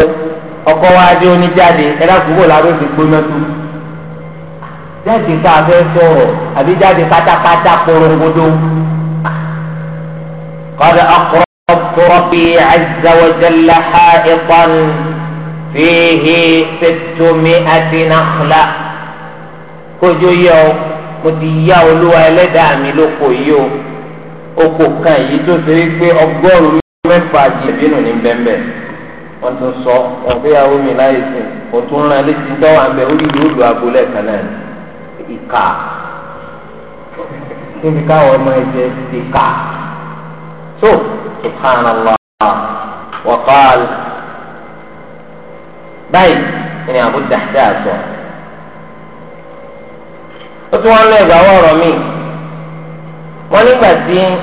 ọkọ wa dé oníjáde ẹ̀dá kúrò lábẹ́ òfin gbóná tó. jáde ká fẹ́ sọ̀rọ̀ àbí jáde pátápátá porongodo. kọ́dà ọkọ̀ وجدت ربي عز وجل حائطا فيه ستمائة نخلة kojú yẹ ọ mo ti yá olúwa ẹlẹ́dàá mi lóko yìí o oko kan yìí tó ṣe é pé ọgọ́rùn-ún mẹ́fà jìbínú ní bẹ́ẹ̀ wọ́n tún sọ wọn fẹ́ yàwó mi láyé sí i wọ́n tún rán létí dọ́wọ́ abẹ orí yóò lu aago lẹ́ẹ̀kan náà ìka níbi káwọn ọmọ ẹ̀jẹ̀ ìka so سبحان الله وقال بيت يعني أبو الدحداث وتوان لي بوار مين ونبتين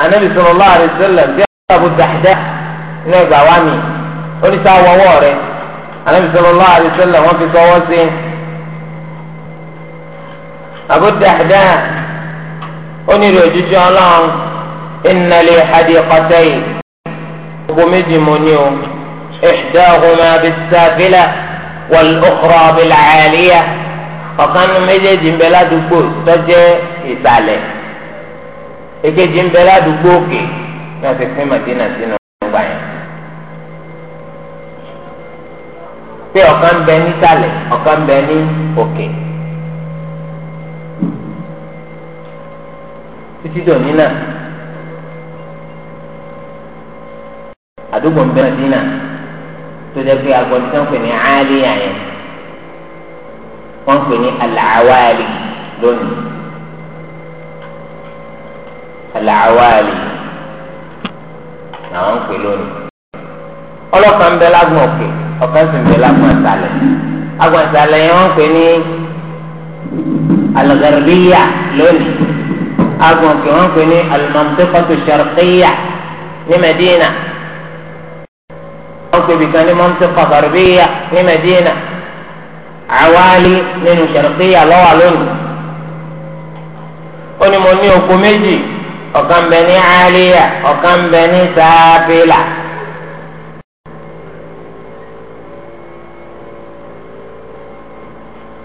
النبي صلى الله عليه وسلم جاء أبو الدحداث إنه وامي ونسى وواره النبي صلى الله عليه وسلم وفي صوته أبو الدحداث onírè òjijì ọlọ́run inna li hadiqatayn gbogbo méjì mo ní o ihdahuma bis-safila wal-ukhra bil-'aliya ọ̀kan nu méjèèjì ń bẹ ládùúgbò tó jẹ́ ìsàlẹ̀ èkejì ń bẹ ládùúgbò òkè ní ọ̀sẹ̀ fún Madina sínú ọgbà yẹn. pé ọ̀kan bẹ nísàlẹ̀ ọ̀kan ń bẹ ní òkè. títí dòní náà. àdúgbò ń bẹ Mẹdínà tó jẹ́ pé agbọ̀dì tó ń pè ní Aliya yẹn wọ́n ń pè ní Al-Awali lónìí Al-Awali làwọn ń pè lónìí ọlọ́kan bẹ lágùn òkè ọ̀kan sì bẹ lágùn àtàlẹ̀ àgùn àtàlẹ̀ yẹn wọ́n pè ní al lónìí àgùn òkè wọ́n pè ní Al-Mantiqatu ní Mẹdínà wọ́n pè bìkan ní mọ́ńtẹ́kọ̀ gàrbíyà ní Medina àwáálí nínú sẹ̀rẹ̀kíyà lọ́wọ́ lónìí. ó ní mo ní oko méjì ọ̀kan bẹ ní àlíyà ọ̀kan bẹ ní sábìlà.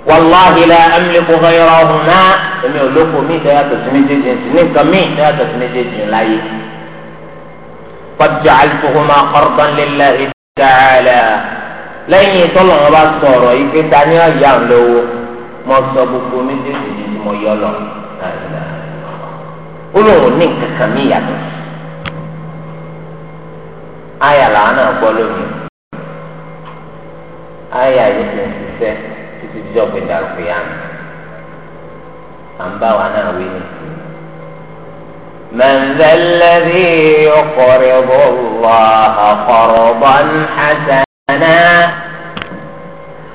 wàláhi la amliku ghayra ọ̀hún náà èmi ò lóko mi ìdáyàtọ̀ sí méjèèjì ní nǹkan mi ìdáyàtọ̀ sí méjèèjì láyé. قد جعلتهما قرضا لله تعالى لن يطلع بصر يكتاني أيام لو ما صبوك من جسد ما يلا olóhùn ní kankan mi yàtọ̀ àyà làwọn náà gbọ́ lónìí àyà yìí ti ń ṣiṣẹ́ títí dídọ̀gbìn dàrú pé à ń bá wa náà wí nìyí. من ذا الذي يقرض الله قرضا حسنا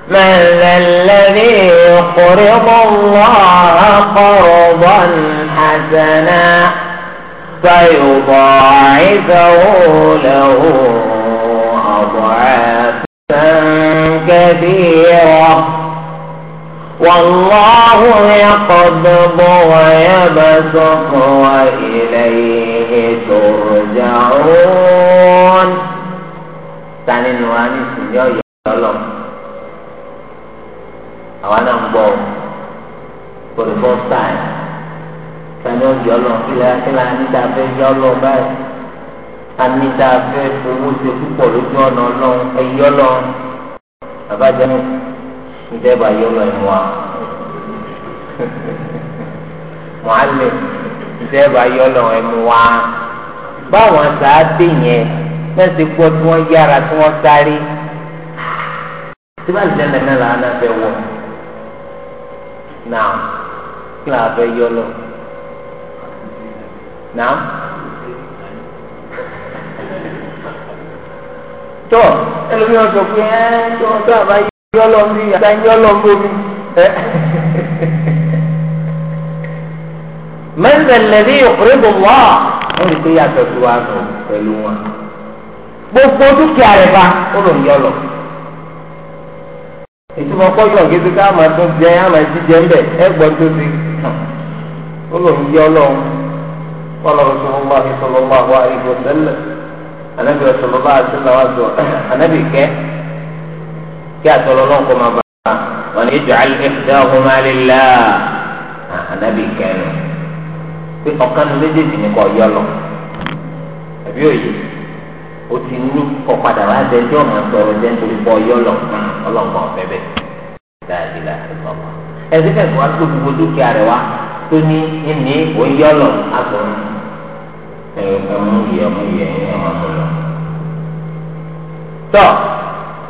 من ذا الذي يقرض الله قرضا حسنا فيضاعفه له أضعافا كثيرة والله يقبض ويبسط وإليه ترجعون tani nu wa ni sunjọ yẹ lọlọ àwa náà ń bọ̀ for the first time tani ó yọ lọ kílẹ̀ kílẹ̀ anídà fẹ́ yọ lọ báyìí anídà fẹ́ owó ṣe púpọ̀ lójú ọ̀nà ọlọ́run ẹ yọ lọ bàbá jẹ́ mi ìjẹ́ bá yọ̀rọ̀ ẹ̀ mú wa mọ̀álẹ̀ ìjẹ́ bá yọ̀rọ̀ ẹ̀ mú wa báwọn sáadé yẹn náà ti gbọ́ tí wọ́n yára tí wọ́n sáré tí bá lè lẹ́nu náà làwọn náà fẹ́ wọ̀ náà kí làwọn fẹ́ yọ̀rọ̀ náà. tó ẹlòmíràn sọ pé ẹ tó ń àbáyé yọlọ ń bí yàtá yọlọ ń bómi ẹ. mẹ́sẹ̀lẹ́dí ìkúrẹ́bù wá wọ́n lè pé yàtọ̀ sí wa nù pẹ̀lú wọn. gbogbo dúkìá rẹ̀ bá ó lò ń yọlọ. ìtumọ̀ pọ́jọ́ gidi ká máa tún jẹ àmà jíjẹ ńbẹ ẹgbọ́n tó ti ó lò ń yọlọ kọlọ rasulullah sallallahu alaihi wasallam anabi rasulullah sallallahu alaihi wasallam anabi kẹ kí àtọ̀rọ̀ náà kọ́ máa bá a wọn ni ìjọ alẹ́kẹ́kẹ́ ọ̀hún alẹ́lá ànábì kẹrin pé ọ̀kan méjèèjì ni kò yọ lọ àbí òye o ti ní kọ́ padà wá dẹjọ́ máa sọ̀rọ̀ jẹ́ nítorí kọ́ yọ lọ hmm, ọlọ́nkọ́ ọ̀fẹ́ bẹ́ẹ̀ dáadé la ìfọwọ́ ẹ̀sìn kẹ̀kọ́ wá tó gbogbo dúkìá rẹ̀ wá tó ní ìní òyọ́ lọ àtọ̀rọ̀ ẹ̀mú yẹ ọmú yẹ ẹ̀mú lọ.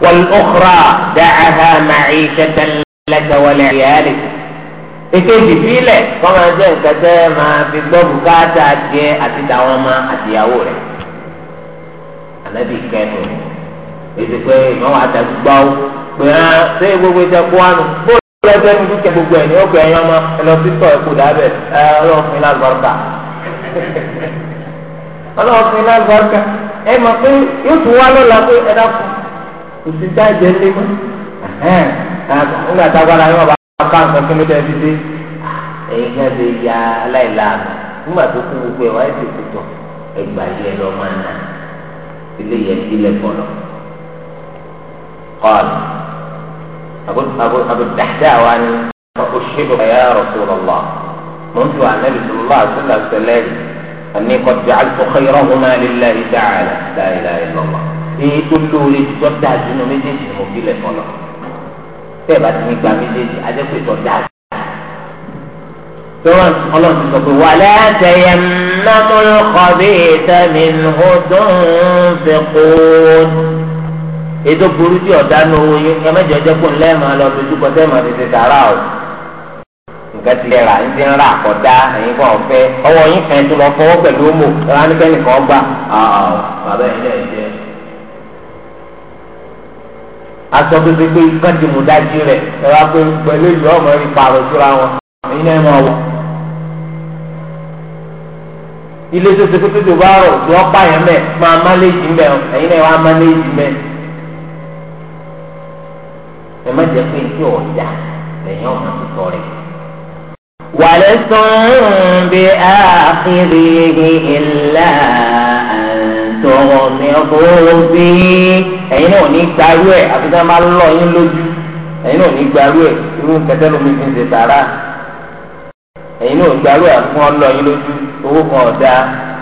والأخرى دعها معيشة لك ولعيالك èkejì sílẹ̀ kọ́ máa jẹ́ nǹkan tẹ́ máa fi gbọ́ bùkátà jẹ́ àti tàwọn ọmọ àtìyàwó rẹ̀ ànábì kẹnu èdè pé ìmọ̀ wà tẹ̀ gbọ́ pé hàn ṣé gbogbo ìjẹ kó wánu bóòlù ẹgbẹ́ mi dúkẹ́ gbogbo ẹ̀ ní ọgbẹ́ ẹ̀yán ọmọ ẹlọ́sítọ̀ ẹ̀kú dábẹ̀ ẹ ọlọ́ọ̀fin lálùbọ́ọ̀kà ọlọ́ọ̀fin lálùbọ́ọ̀kà ẹ mọ̀ pé yóò tún wá lọ́la pé ẹ dákun òsì tá a jẹ lé mọ́ nígbà tá a gbára yóò bá ká nǹkan kí ló dé fi dé ẹ̀yin náà lè ya aláìláàmú nígbà tó kú gbogbo ẹ̀ wáyé ti kùtọ̀ ẹgbà yẹ lọ máa nà ilé yẹn sílẹ̀ kọ̀ọ̀lọ̀ kọ́ọ̀lù àbùdàdà wa ni òṣèlú ẹ̀yà rọ̀sùlọ̀lọ̀ mọ̀ ń tu ànábì sọ̀rọ̀ àṣìlá sẹlẹ̀rì ẹ̀ní kọjá àlùkò xeyrọ̀ hùmà lílẹ̀ ìdáhàlà láìláì lọ́lọ́. èyí tó lóore tó dáa jù nínú méjèèjì ni mo fi lẹ̀ fọlọ́ bẹ́ẹ̀ bá ti ní gba méjèèjì ajẹ́pẹ́ tó dáa jù. tọ́wọ́n ọlọ́run ti sọ pé wà látẹ̀yẹ mẹ́múlù kọ́bí ìtẹ́mi ó dùn fẹ́ kó ètò burú tí ọ̀dá ní owó yín ẹ mẹ́jọ jẹ́ kó ńlẹ́ máa lọ dojú kọ sẹ́ẹ̀ máa tètè sàrà o nǹkan ti rà ń ti rà kọ̀dá ẹ̀yin kan ọ̀fẹ́ ọwọ́ yín kan tó lọ fọwọ́ pẹ̀lú ọmọ ẹ̀ wá gbà. bàbá yìí náà jẹ́ aṣọ tó kan pé kán ti mú dájú rẹ̀ ẹ wá pé pẹ̀lú ìlú ọmọ rí pààrọ̀ síra wọn èyí náà máa wọ̀. ilé tó ṣe pé tó ti bá rọ̀ tí wọ́n pààyàn mẹ́ máa má léjì mẹ́ ẹ̀yin náà wá má léjì mẹ́. ẹ má jẹ́ pé tí ọ̀dà lẹ́yìn ọ̀nà tó sọ rẹ̀. wàlẹ́ sọ̀rọ̀ bí a fi rí ilé ìlà. تغمضوا به ẹ̀yin náà ní gbarú ẹ̀ àti tí wọ́n bá lọ yín lójú ẹ̀yin náà ní gbarú ẹ̀ irú kẹtẹ́ lómi fi ń ṣe sàrà ẹ̀yin náà gbarú ẹ̀ fún ọ lọ yín lójú owó kan ọ̀dà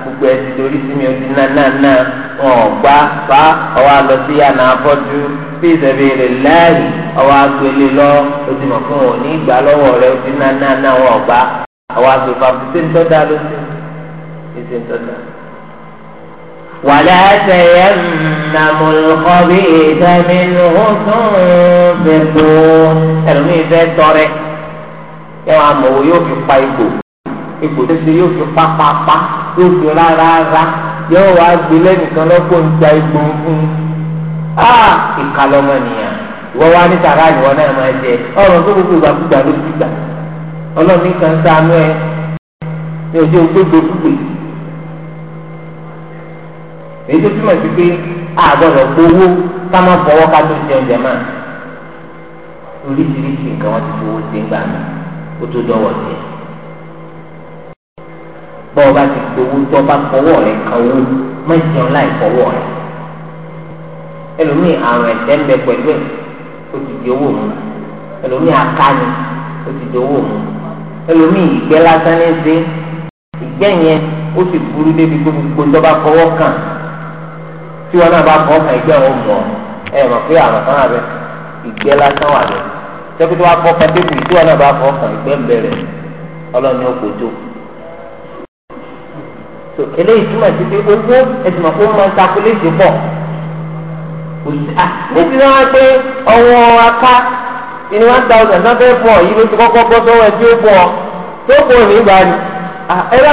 gbogbo ẹ̀ ti torí sí mi ojú náà náà náà wọn ò gbá fa ọwọ́ àlọ́ sí àná afọ́jú fi ìsẹ̀bẹ̀rẹ̀ láàyè ọwọ́ àgbélé lọ ojú mọ̀ fún òní ìgbà lọ́wọ́ rẹ ojú náà náà náà wọn ò gbá ọwọ́ àgbèfà fi ṣe ń tọ́ da lóṣù ṣe ń tọ́ da. ولا تيمموا الخبيث منه تنفقون ẹlòmíì fẹ́ tọrẹ yẹ wàá mọ̀ wò yóò fi pa ipò ipò tẹ́sí yóò fi pa pàpà yóò fi rárára yóò wá gbé lẹ́nìkan lọ́kọ̀ níta ipò fún a ìkàlọ́mọ nìyàn ìwọ wá ní sàrà ìwọ náà máa jẹ ọ̀rọ̀ tó gbogbo ìgbàkúgbà ló ti gbà ọlọ́ọ̀ni kan sáánú ẹ ní ojú ogbégbé gbogbo èyí tó túmọ̀ sí pé a gbọ́dọ̀ gbowó ká má fọwọ́ ká tó jẹun jẹ máa oríṣiríṣi nǹkan wọn ti fowó sí ń gbà mí kó tó dọ́wọ́ jẹ bọ́ọ̀ bá ti gbowó tó bá fọwọ́ rẹ̀ kan owó má jẹun láì fọwọ́ rẹ̀ ẹlòmíì àrùn ẹ̀jẹ̀ ń bẹ pẹ̀lú ẹ̀ ó ti di owó mu ẹlòmíì akáni ó ti di owó mu ẹlòmíì ìgbẹ́ lásán ní ṣe ìgbẹ́ yẹn ó ti burú débi gbogbo tó bá fọwọ́ kàn tí wọn náà bá kọ́ ọkàn ìgbẹ́ wọn mọ̀ ẹ mọ̀ pé àwọn kan rẹ̀ ìgbẹ́ lásán wà lọ sẹ́kù tó wá kọ́ ọkàn tébù tí wọn náà bá kọ́ ọkàn ìgbẹ́ ńbẹ̀rẹ̀ ọlọ́ni ó kojú. tó eléyìí túmọ̀ sí pé owó ẹ̀sìn ọ̀pọ̀ máa ń takuléèsì pọ̀ níbi náà pé ọwọ́ aká ìní one thousand náà fẹ́ fọ yìí ló ti kọ́kọ́ bọ́ sọ́wọ́ ẹ̀ tí ó fọ tó kò ní ìgbà ni ẹ̀rọ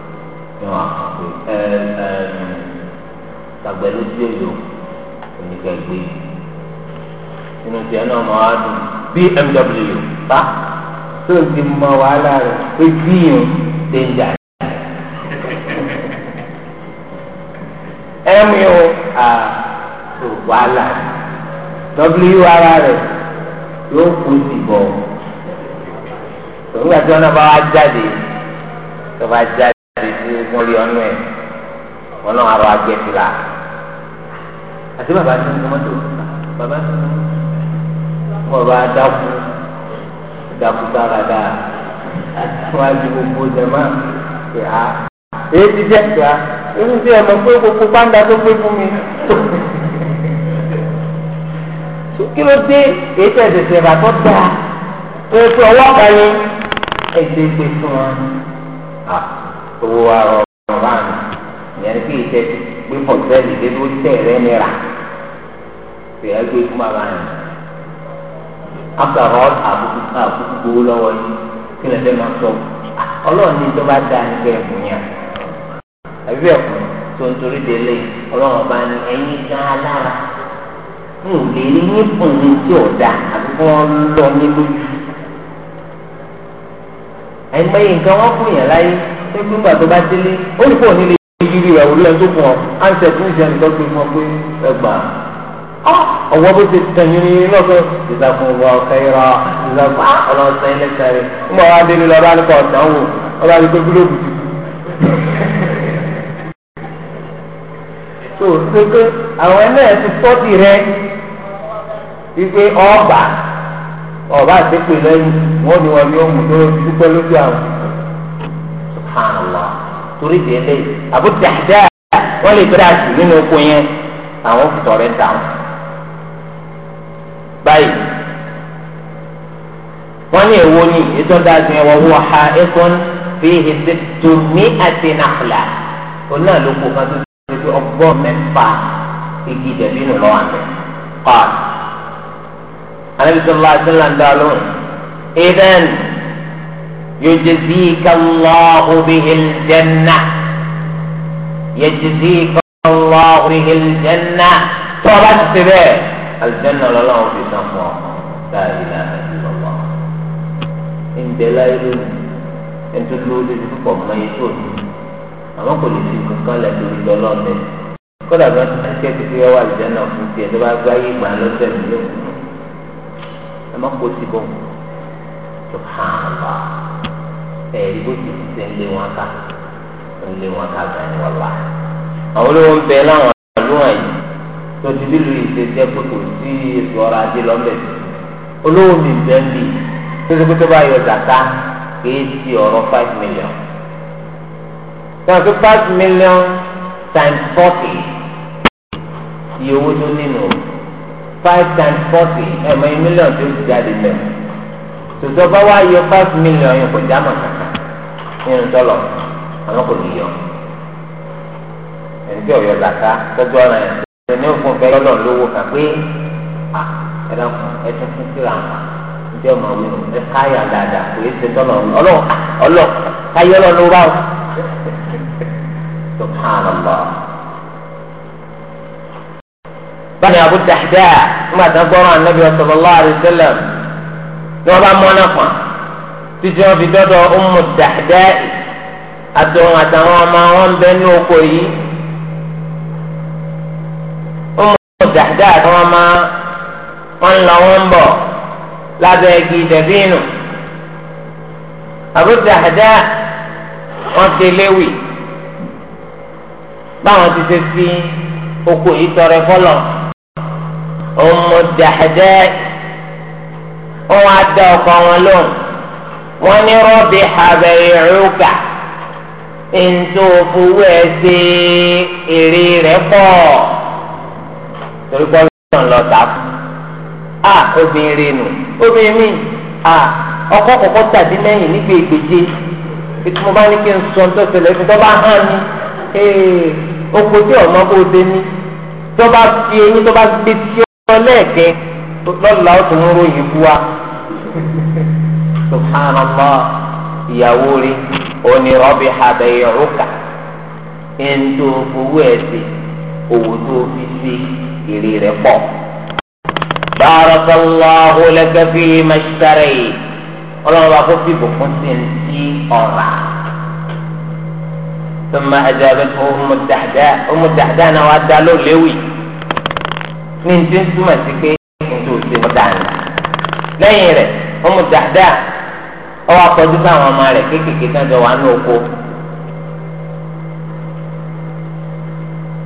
ní wọn àkàkọ ẹ ẹ tàgbẹ́ ló dé lò oníkẹ́gbẹ́ inú tiẹ̀ náà mọ̀ dùn BMW bá tó o ti mọ wàhálà rẹ̀ pé tíyìn dénjà ẹ̀mí o àtò wàhálà W ara rẹ̀ yóò kú dìbò òun àti ọ̀nà bá wa jáde tó bá jáde ẹni tí wọ́n rí ọ́nú ẹ̀ wọ́n náà arọ ajẹ́ ti la àti bàbá tó ń gbọ́ mọ́tò bàbá tó ń gbọ́ bàbá dákú dákú dáradá wọ́n á di gbogbo jẹ̀mọ́ pé a èyí ti jẹ́ pé a èyí ti ẹ̀ mọ̀ pé gbogbo pàǹdà tó gbé fún mi kí ló dé èyí tẹ̀ tẹ̀tẹ̀ bàtọ́ dáa pé ọwọ́ kan yín ẹ̀ ṣe é pé fún wọn. Ah owó wa rọrùn báyìí ìyẹn ní kí ìtẹ pé pọ̀tẹ́ẹ̀lì dé ló tẹ̀ rẹ nira fìyà gbé fún bàbá yẹn after àbùkù àbùkù gbowó lọ́wọ́ yìí kí lè fẹ́ máa sọ ọlọ́run ní tó bá da nígbà ẹ̀bùn yẹn àbí ẹ̀kún tó ń torí délé ọlọ́run bá ní ẹ̀yìn gan alára ń lè ní nípùn ní tí ò da àbí kí lọ ní lójú ẹ̀mẹ́yìn nǹkan wọ́n fún yẹn láyé ó tún gbà tó bá délé ó ní kó o nílé yíyí rẹ̀ òrí ẹ̀ tó fún ọ ánsẹ̀ tó ń jẹun tó fi mọ pé ẹgbà ọwọ́ bó ti tẹ̀yìn ní inú ọ̀gbẹ́ ìsàkùn ọ̀gbà ọ̀kẹ́yọ̀rọ̀ ìsàkùn ọlọ́sẹ̀ ilé kẹrin ń bọ̀ wá délé lọ bá nípa ọ̀sán wò ọba àti pé gílóòbù ti kú. tó ṣe pé àwọn ẹlẹ́yìn ti tọ́tì rẹ wípé ọba ọba àti pè lẹ́yìn wọ́n ní wọn ni ó mú lórí dúpẹ́ lójú àwọn subhanallah torí di eléyìí Abu Dahda wọ́n lè bẹ̀rẹ̀ àti nínú oko yẹn àwọn tọrẹ dà wọ́n. báyìí wọ́n ní èwo ni ètò dáadé wọ́n wọ́n ha ẹ̀kọ́n fi hìtì tòmí àti nàfìlà òun náà ló kó kan tó ti fi ọgbọ́n mẹ́fà igi dẹ̀bí nù lọ́wọ́ àmì kọ́ àná. anábìsọ̀ lọ́wọ́ àti ńlá ń dá lóhùn. ìdẹ́nu. يجزيك الله به الجنة يجزيك الله به الجنة طلبت به الجنة لله في سموه لا إله إلا الله إن دلائل إن تدلول تقوم ما يسود أما كل شيء قال لك الله kódà bá ti ṣe kékeré wà lìjánà fún tiẹ̀ tó bá gbá yé gbà lọ́sẹ̀ mílíọ̀nù ẹ má kó ẹ̀rí bó ti ṣe ń lé wọn ká ń lé wọn ká gan ni wọn wà. àwọn olówó ń bẹ láwọn àlùwọ̀n yìí tó ti nílùú ìṣẹ̀ṣẹ̀ pé kò sí ètò ọrọ̀ ajé lọ́mọdé olówó mi bẹ́ẹ̀ ń bì tó ṣe pé tó bá yọ zàká kìí ti ọ̀rọ̀ five million. wọ́n fi five million times forty iye owó tó nínú five times forty ẹ̀mọ́ mílíọ̀nù tó ti jáde mẹ́rin tòtọ́ba wá yọ five million yẹn kò já mọ̀ kankan nínú dọ́lọ̀ àwọn kò ní yọ ẹni tí ọ̀yọ́ zaka tọ́jú ọ̀ràn yẹn ṣe ní òfin fẹ́ lọ́dọ̀ lówó kan pé ẹ dákun ẹ tún fún síra wọn ní ọmọ wí ẹ káyà dáadáa kò yẹ ṣe tọ́lọ̀ ọlọ́ ọlọ́ káyọ̀ ọlọ́ ló bá wọn. subhanallah báyìí abu dahdaa nígbà tó gbọ́ràn anabi sallallahu alaihi wasallam. ni wọn bá kwa. kan títí wọn fi dọ́dọ̀ ọmọ dàdẹ́ àtọ̀hún àtàwọn ọmọ wọn bẹ ní oko yìí ọmọ dàdẹ́ àtàwọn ọmọ wọn lọ wọn igi wọn ti léwì báwọn ti ṣe fọlọ ọmọ wọ́n wá dá ọkọ wọn lóhùn wọ́n ní rọ́bì àbẹ̀yẹ̀ rúkà ntò fowó ẹ ṣe èrè rẹ̀ pọ̀ torí pé ọlọ́run lọ tà fún a obìnrin nù obìnrin mi a ọkọ kọkọ tàbí lẹ́yìn nígbà ìgbèje ètò mo bá ní kí n sọ tó ṣẹlẹ̀ fi tó bá hàn ní oko tí ọmọ kò dé ní tó bá fi eyín tó bá gbé tí ó lọ lẹ́ẹ̀kẹ́ lọ́la ó tún ń ròyìn kú wa subhanallah ìyàwó rí òní rọ́bì àbẹ̀yẹ̀ rúkà ẹni tó owó ẹ̀ sí owó tó fi sí èrè rẹ̀ pọ̀. barakallahu laka fi mashtari ọlọ́run bá kó fìbò fún sí ní sí ثم أجابته أم الدحداء أم الدحداء نوادى له لوي ní ti ń ṣe ọ̀daràn lẹ́yìn rẹ̀ ọmọ dáadáa ọwọ́ akọjú sáwọn ọmọ rẹ̀ kéékèèké tán jọ wà ní oko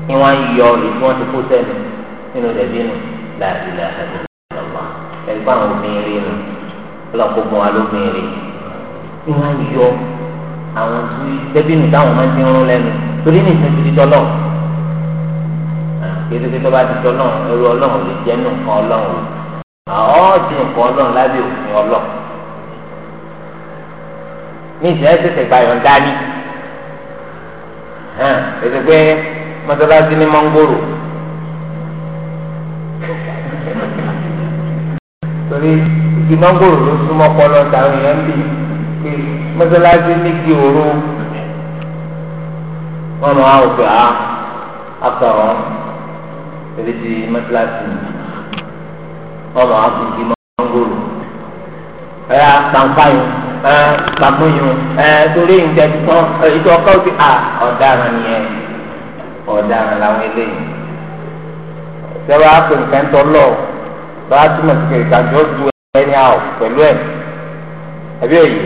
ni wọ́n yọ ìlú wọn ti kó sẹ́nu nínú rẹ̀bí nù láàbí láàbí lọ́wọ́ ẹgbẹ́ àwọn obìnrin nù ọlọ́kọ̀ọ́gbọ̀n wa lóbìnrin ni wọ́n yọ àwọn tí rẹ̀bí nù táwọn máa ń ti rún lẹ́nu torí ní ìsìn ti dọ́lọ́ kéékèèké tó bá ti dọ́lọ́ ẹrú ọlọ́run lè jẹ́ nù kan ọlọ́run àwọn ọ̀sìn nǹkan ọlọ́run lábẹ́ òfin ọlọ́run ní ìṣẹ́ ṣẹ̀ṣẹ̀ gbayọ̀ ń ètò pé mọ́tọ́lásí ní mọ́ngòrò torí igi mọ́ngòrò ló súnmọ́ pọ́lọ́ táwọn èèyàn bì pé mọ́tọ́lásí ní igi òru wọ́n máa ń gbà á àtọ̀rọ̀ ah, èdè ti mọ́tọ́lásí nìyí wọn máa fi di mọ́ngòrò ẹ àpàǹfààyàn ẹ pàmòyàn ẹ torí ìjẹ tán ètò ọkọ ti à ọ̀daràn nìyẹn ọ̀daràn làwọn eléyìí sẹ́wọ́n á pè nǹkan tọ́ lọ bá a túmọ̀ sí kẹ̀kẹ́ àjọ ju ẹni àwọ̀ pẹ̀lú ẹ̀ ẹ̀bí èyí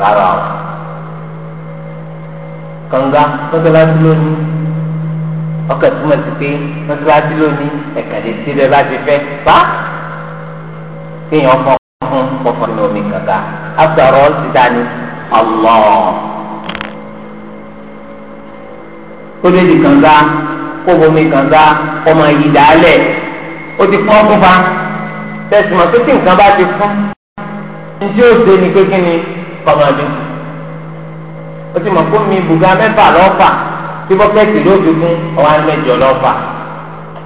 rárá o kànga mọ́tòlásí lónìí ọkọ̀ túmọ̀ sí pé mọ́tòlásí lónìí ẹ̀ka lè ti bẹ́ẹ̀ fẹ́ pa kéèyàn fọ fún kọfọ ní omi kàkà afẹ́rọ ti dání ọlọ́ ó lé di kànga kó bomi kànga kó máa yí dálẹ̀ ó ti fún ọkùn fa tẹ̀sùmọ̀ tó tí nǹkan bá ti fún njẹ́ ó dé ni kékeré ni kọ́mọdé ó ti mọ̀ kó mi bùgá mẹ́fà lọ́fà tí bọ́kẹ́tì ló fi fún ọwọ́ mẹ́jọ lọ́fà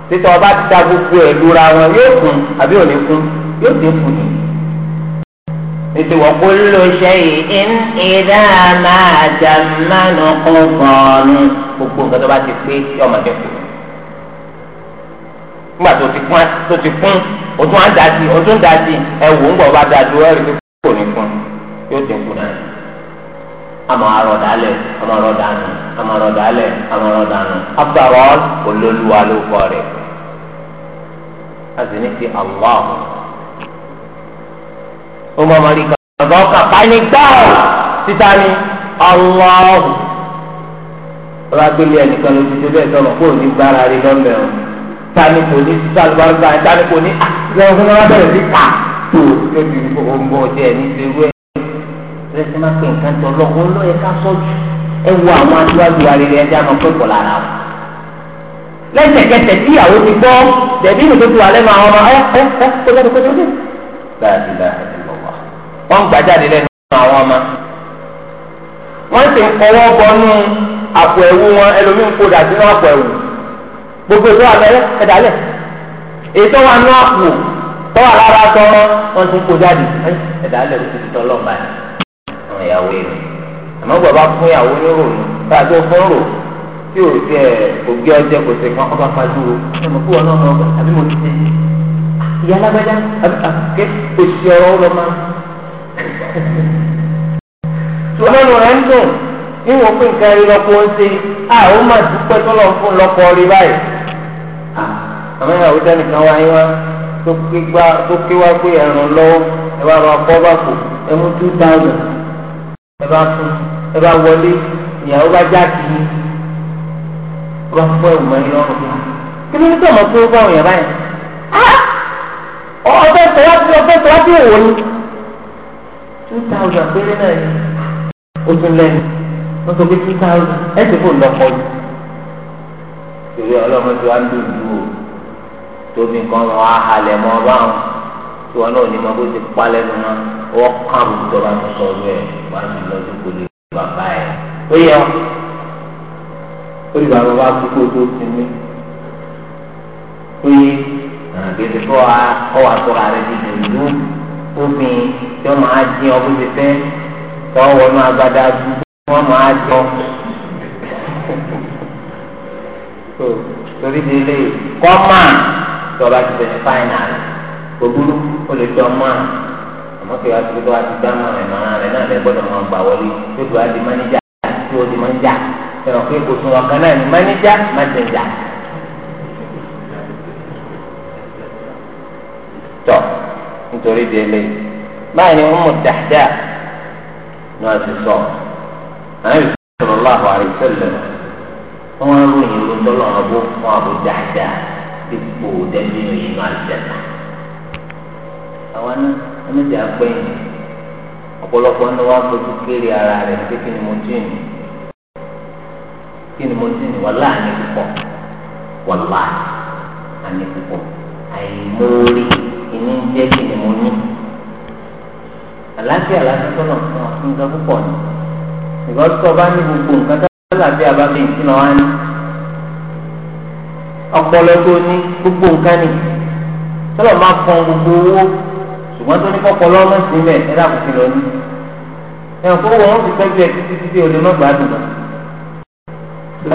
títọ́ ọba ti ta gbogbo ẹ̀ lura wọn yóò kún àbí ò ní kún yóò dé fún mi. ètò ìwọ̀kú ló ṣe in ìdá máa jà mánu kó bọ̀ọ̀nù gbogbo nǹkan tó bá ti pé yọ ọmọ jẹ kúrò. nígbà tó ti kún tó ti kún o tún á da sí o tún da sí ẹ wò ń gbọ́ bá da sí o ẹ rí i pé kò ní kún yóò dé fún náà ama arọda alẹ ama arọda anu ama arọda alẹ ama arọda anu after all olóluwa ló kọ rẹ azini ti allah ó mọ ọmọ rí kan ọ̀gá ọkà pani títa ni ọlọ́ọ̀hù ọba gbélé ẹnìkan ló ti ṣe bẹ́ẹ̀ sọ̀rọ̀ kó o ní gbára rí lọ́mọ ọ̀ tani kò ní sísá lùbárùbá tani kò ní àtìlẹyìn fún ọba bẹ̀rẹ̀ sí ká tó tó ti ọmọ ọdẹ ní ìṣèwé ẹ̀ ẹ̀ ṣe máa pè nǹkan tó lọ́kọ́ ló yẹ ká sọ́jú ẹ wo àwọn aṣáájú arìnrìn ẹ̀dá máa pẹ́ pọ̀ lára wọn lẹ́sẹ̀kẹsẹ̀ tí ìyàwó ti gbọ́ dẹ̀bí ìlú tó ti wà lẹ́nu àwọn ọmọ ẹ ẹ ẹ kó lẹ́nu kó lẹ́nu wọ́n ń gbà jáde lẹ́nu àwọn ọmọ wọ́n sì ń kọ́wọ́ bọnú àpò ẹ̀wù wọn ẹlòmíì ń kodà sínú àpò ẹ̀wù gbogbo ètò àlẹ́ ẹ̀dálẹ̀ ètò wa ní àpò tọ́wọ́ alára tọ́ wọn tún kó jáde ẹ̀dálẹ̀ òkú ti tọ́ lọ́ọ̀bà ni àwọn ìyàwó rẹ̀ àmọ́ bàbá fún ìyàwó ní ròònù tàbí fún rò tí ò tiẹ̀ kò gé ọjẹ́ kò sí kan ọba pàdúró ẹ̀mọ kí wọn náà mọ̀ àbí mo ti ṣe ìyá alágbájá àbí àkókè òṣìṣẹ́ ọ̀rọ̀ ọlọ́mọ tòlẹ́nu rẹ̀ ń dùn níwọ̀n pé nǹkan rí lọ́pọ̀ ń ṣe à ó mà dúpẹ́ tó lọ fún lọ́pọ̀ rí báyìí. àmọ́ ìyàwó dání kan wáyé wá tó ké wá pé ẹ̀ràn lọ́wọ́ ẹ bá bá bọ́ bá kò ẹ mú two thousand ẹ bá fún ẹ bá wọlé ìyàwó bá já kì í wọ́n fọ́ ẹ̀wù mẹ́rin lọ́rùn bí i. kí ló ń tọ́ ọmọ pé ó bá òyìnbá yẹn. ọ̀ọ́ ọ̀fẹ́ sọ wá òwò ni two thousand péré náà ni o tún lẹ́nu wọ́n sọ pé two thousand ẹ̀ ṣe kò lọ́pọ̀ yìí. torí ọlọ́run tí wàá ń dùn dùn o tóbi nǹkan wọn á halẹ̀ mọ́ báwọn tí wọn náà ní ma bó ti pa lẹ́nu mọ́ wọ́n kàn tó bá sọ ọ́ ẹ̀ wọ́n á ti lọ sí kò lè bàbá ẹ̀. ó yẹ ọ́ ó lè bàbá bá kú kó tó sinmi ó yẹ àgbẹ̀dẹ̀ kọ́ wa kọ́ wa sọ̀rọ̀ àrẹ ti dùn dùn obìnrin tí wọ́n máa jí ọ bó ti fẹ́ tọ́ wọnú agbada dúdú wọ́n máa jọ. torí délé kọ́mà tọ́ba ti bẹ̀rẹ̀ fáìnàlì gbogbo ó lè tọ́ mọ́ àmọ́ kí wàá tó wàá ti dá mọ́ rẹ̀ mọ́ra rẹ̀ náà lè gbọ́dọ̀ máa gbà wọlé tó tó wàá di máníjà tó di máníjà ẹ̀rọ pé kò tún wọn kan náà ní máníjà máníjà. nítorí délé báyìí ni Ummu Dahdah náà ti sọ àyè sallallahu alaihi wasallam wọn á ròyìn ló tọ́lọ̀ abó fún Abu Dahdah ipò dẹ́bí òyìn náà àjẹsà àwọn náà ẹnìjà pé ọ̀pọ̀lọpọ̀ ní wàá fojú kéré ara rẹ̀ pé kí ni mo jí ni kí ni mo jí ni wàhálà ní púpọ̀ wàhálà ní púpọ̀ àìmórí ní jẹ́ kí ni mo ní. àlàáfíà láti tọ́nà fún ọ fún nǹkan púpọ̀ ni ìgbà tó o bá ní gbogbo nǹkan tó lálàáfíà bá fi ìsinmi wá ní. ọpọlọ tó ní gbogbo nǹkan ni tọ́lọ̀ máa fọn gbogbo owó ṣùgbọ́n tó ní kọ́pọlọ ọmọ sílẹ̀ ẹ dàkùnfin lọ ní. ẹ̀ kó wọn ti tọ́jú ẹ títí títí olè mọ́gbàdùn náà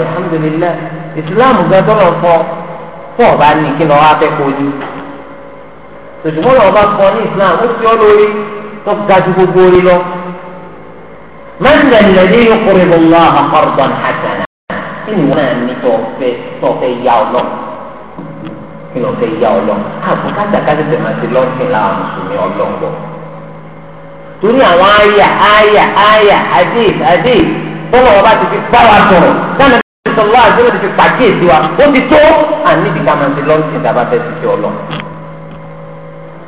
alhamdulilayi islam gan tọrọ fọ fọ ọba ní kí lọ wá fẹ kó ní tòṣùmọ́ lọ́wọ́ bá kọ́ ní islam ó fi ọ́ lórí tó ga ju gbogbo orí lọ. mẹ́rin lẹ́ni yóò kórè bọ̀ wá àkọ́rọ̀dọ̀ àjànà kí ni wọ́n náà ní tọ́fẹ́ tọ́fẹ́ yá ọlọ́ kí ló fẹ́ yá ọlọ́ àbò kájàkájà tẹ̀ máa ti lọ́sìn láwọn mùsùlùmí ọlọ́ngbọ̀. torí àwọn àyà àyà àyà hadith hadith bọ́lá wọn bá ti fi bá wa sọ̀rọ̀ dáná bí sọ̀rọ̀ àti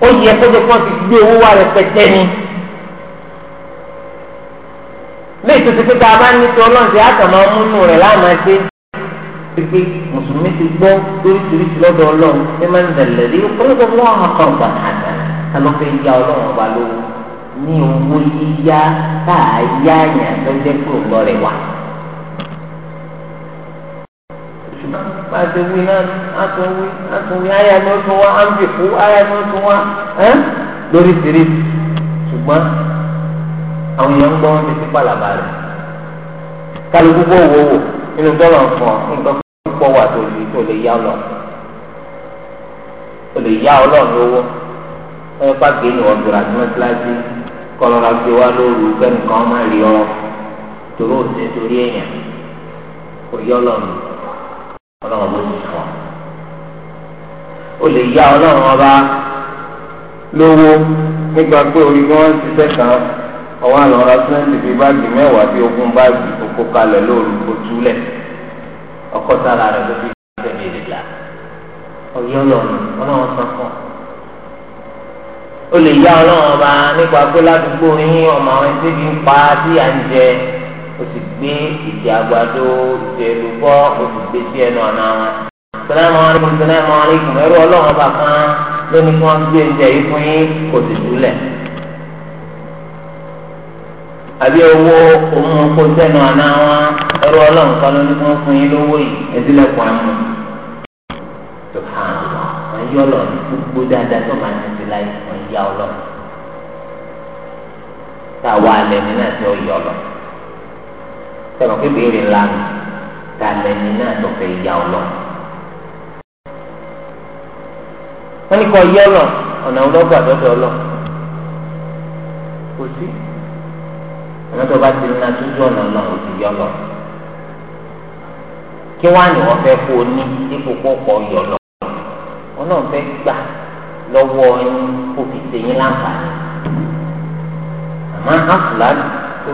ó yẹ kó tó kán ti gbé owó wa rẹpẹtẹ ni léyìí tó ti pé tá a bá ní tó ọlọ́run ṣe àtàmọ́ múnú rẹ̀ lánàá dé pé mùsùlùmí ti gbọ́ lóríṣiríṣi lọ́dọ̀ ọlọ́run ẹ máa ń dẹ̀lẹ̀ rí orúkọ wọn àkàn gbà àgbà alọ́fẹ́ ya ọlọ́run ọba lówó ní owó yíyá tá a yá àyàn tó jẹ́ kúrò lọ́rẹ̀ wà. pàṣẹ wí náà àtúnwí àtúnwí àyà ni ó tún wá àǹbì fún àyà ni ó tún wá ẹ́ lórí tèrè ṣùgbọ́n àwọn èèyàn ń gbọ́ wọn tètè pàlàbà rẹ̀ kálukú bó wò wò nínú dọ́là fún ọ nǹkan púpọ̀ wà tó lè tó lè yá ọ lọ tó lè yá ọ lọ lówó ẹ bá gé ní ọdún àti mẹsàlásì kọlọra gbé wá lóru kẹ́nìkan máa rí ọ torí òsè torí èèyàn kò yọ ọ lọ nù ọlọ́run ló ti fún ọ. o lè yá ọlọ́run ọba lówó nígbà pé orí wọn ṣiṣẹ́ kan ọwọ́ àlọ́ ọ̀rọ̀ sẹ́ńtì bíi báàgì mẹ́wàá bíi ogún báàgì kókó kalẹ̀ lóru ojúlẹ̀ ọkọ sára rẹ̀ ló fi ṣe béèrè là ọ̀yọ́ lọ́run ọlọ́run sọ fún ọ. o lè yá ọlọ́run ọba nípa pé ládùúgbò yín ọmọ àwọn ẹgbẹ́ bíi ń pa á sí à ń jẹ o ti gbé ìdí àgbàdo ìdèlùbọ́ o ti gbé sí ẹnu ọ̀nà wọn. sinamu alaykum sinamu alaykum ẹrú ọlọ́run ọba kan lónìí kí wọ́n gbé oúnjẹ yìí fún yín kò sì dúlẹ̀. àbí owó òun kó sẹ́nu ọ̀nà wọn ẹrú ọlọ́run kan lónìí kí wọ́n fún yín lówó yìí ẹdínlẹ̀kùn ẹ̀mú. wọ́n yọ ọlọ́run gbogbo dáadáa tó máa ń tẹ̀sí láì wọ́n yá ọlọ́run. táwa alẹ́ ní náà ti ọ̀ yọ sẹ́wọ̀n pé béèrè ńlá mi ta lẹ́ni náà tó fẹ́ ya ọ lọ. wọ́n ní kọ́ yẹ ọ lọ ọ̀nà ọlọ́gbà dọ́dọ̀ ọ lọ kò sí àmọ́ tó bá ti ní na tójú ọ̀nà náà ó ti yọ lọ. kí wọ́n á ní wọ́n fẹ́ kó o ní ipò pọ̀pọ̀ yọ lọ. wọn náà fẹ́ gbà lọ́wọ́ yín kó fi ṣe yín láǹfààní. àmọ́ àfúlàní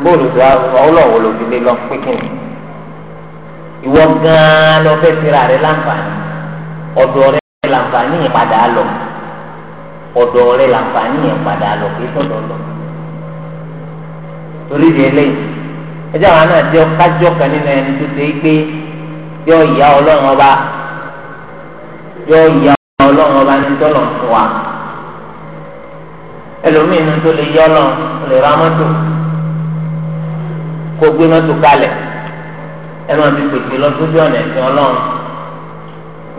bóòlù tó ọlọ́wọ́ ló fi lé lọ pínpín ìwọ gan-an lọ fẹ́ fira rẹ láǹfààní ọ̀dọ̀ rẹ láǹfààní yẹn padà lọ ọ̀dọ̀ rẹ láǹfààní yẹn padà lọ kí sọ̀dọ̀ lọ. torí di eléyìí ẹjọ́ àwọn náà jẹ́ kájọ́ kan nínú ẹni tó ṣe é gbé yọ ìyá ọlọ́run ọba yọ ìyá ọlọ́run ọba ní tọ́lọ̀ fún wa ẹlòmíràn tó lè yọ ọlọ́run lè ra mọ́tò kó gbé mọ́tò kalẹ̀ ẹ máa fi pèsè lọ sójú ọ̀nà ẹ̀sìn ọlọ́run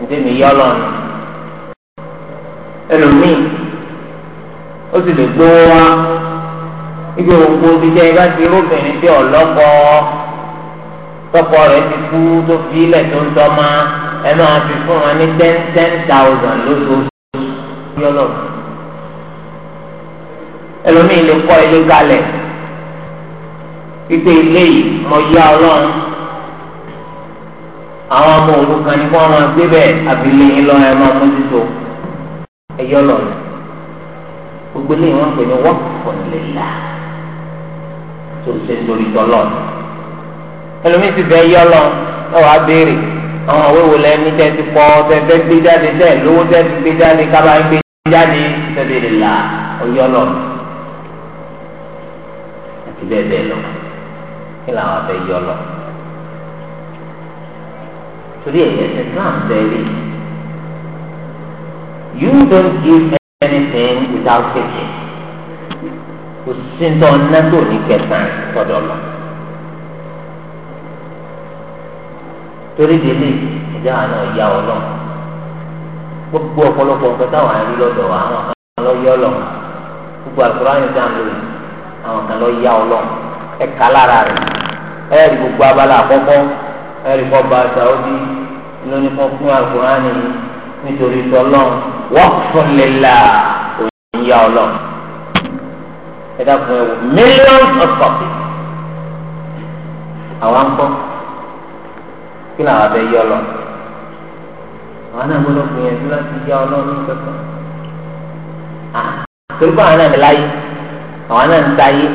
ǹdí mi yá ọlọ́run ẹlòmíì ó sì lè gbówó wá ibi òkú ti jẹ́ ibà ti rúbìnrin bí ọ̀lọ́kọ tọkọ rẹ̀ ti kú tó fi ilẹ̀ tó ń tọ́mọ ẹ máa fi fún wọn ní ten ten thousand lóṣooṣù yọlọ́run ẹlòmíì lè kọ́ ilé kalẹ̀ pípé ilé yìí mọ yá ọlọ́run àwọn ọmọ òrukàn ni kó wọn máa gbé bẹ́ẹ̀ àbílẹ̀ yín lọ́wọ́ ẹ máa mójútó ẹ yọ lọ́nà gbogbo ilé yìí wọ́n pè ní wọ́pọ̀ nílá tó ṣe lórí tọ́lọ̀ ẹlòmíín ti bẹ́ẹ̀ yọ lọ ẹ wàá béèrè àwọn àwéwò lẹ́yìn ní tẹ́ ti pọ̀ tẹ́ fẹ́ gbé jáde tẹ́ lówó tẹ́ ti gbé jáde kábà ń gbé jáde tẹ́lẹ̀ là ọ yọ àti bẹ́ẹ̀ bẹ́ẹ̀ lọ́nà kí làwọn abẹ yọ lọ torí ẹ ẹsẹ islam tẹlẹ you don't give anything without taking kò sí ntọ́ nẹ́tò ní kẹta tọ́jọ́ lọ torí délé ẹ̀jẹ̀ àná ìyá ọlọ́run gbogbo ọ̀pọ̀lọpọ̀ nǹkan táwọn àrí lọ́dọ̀ àwọn kan lọ yọ ọlọ́run gbogbo àkùrọ̀ àyìn sáà lórí àwọn kan lọ yá ọlọ́run ẹ̀ka lára rẹ̀ ẹ̀rí gbogbo abala àkọ́kọ́ ẹ̀rí kọ́ ba sàódì lónìí fún fún àgùránì nítorí tọ́lọ́ wọ́n fún lélà òyìn yá ọlọ́ ẹ dákun ẹ millions of copies àwọn ń kọ́ kí làwọn abẹ yá ọlọ́ àwọn náà gbọ́dọ̀ gbìyànjú láti yá ọlọ́ ní kankan ah, torí pé àwọn náà ń láyé àwọn náà ń dáyé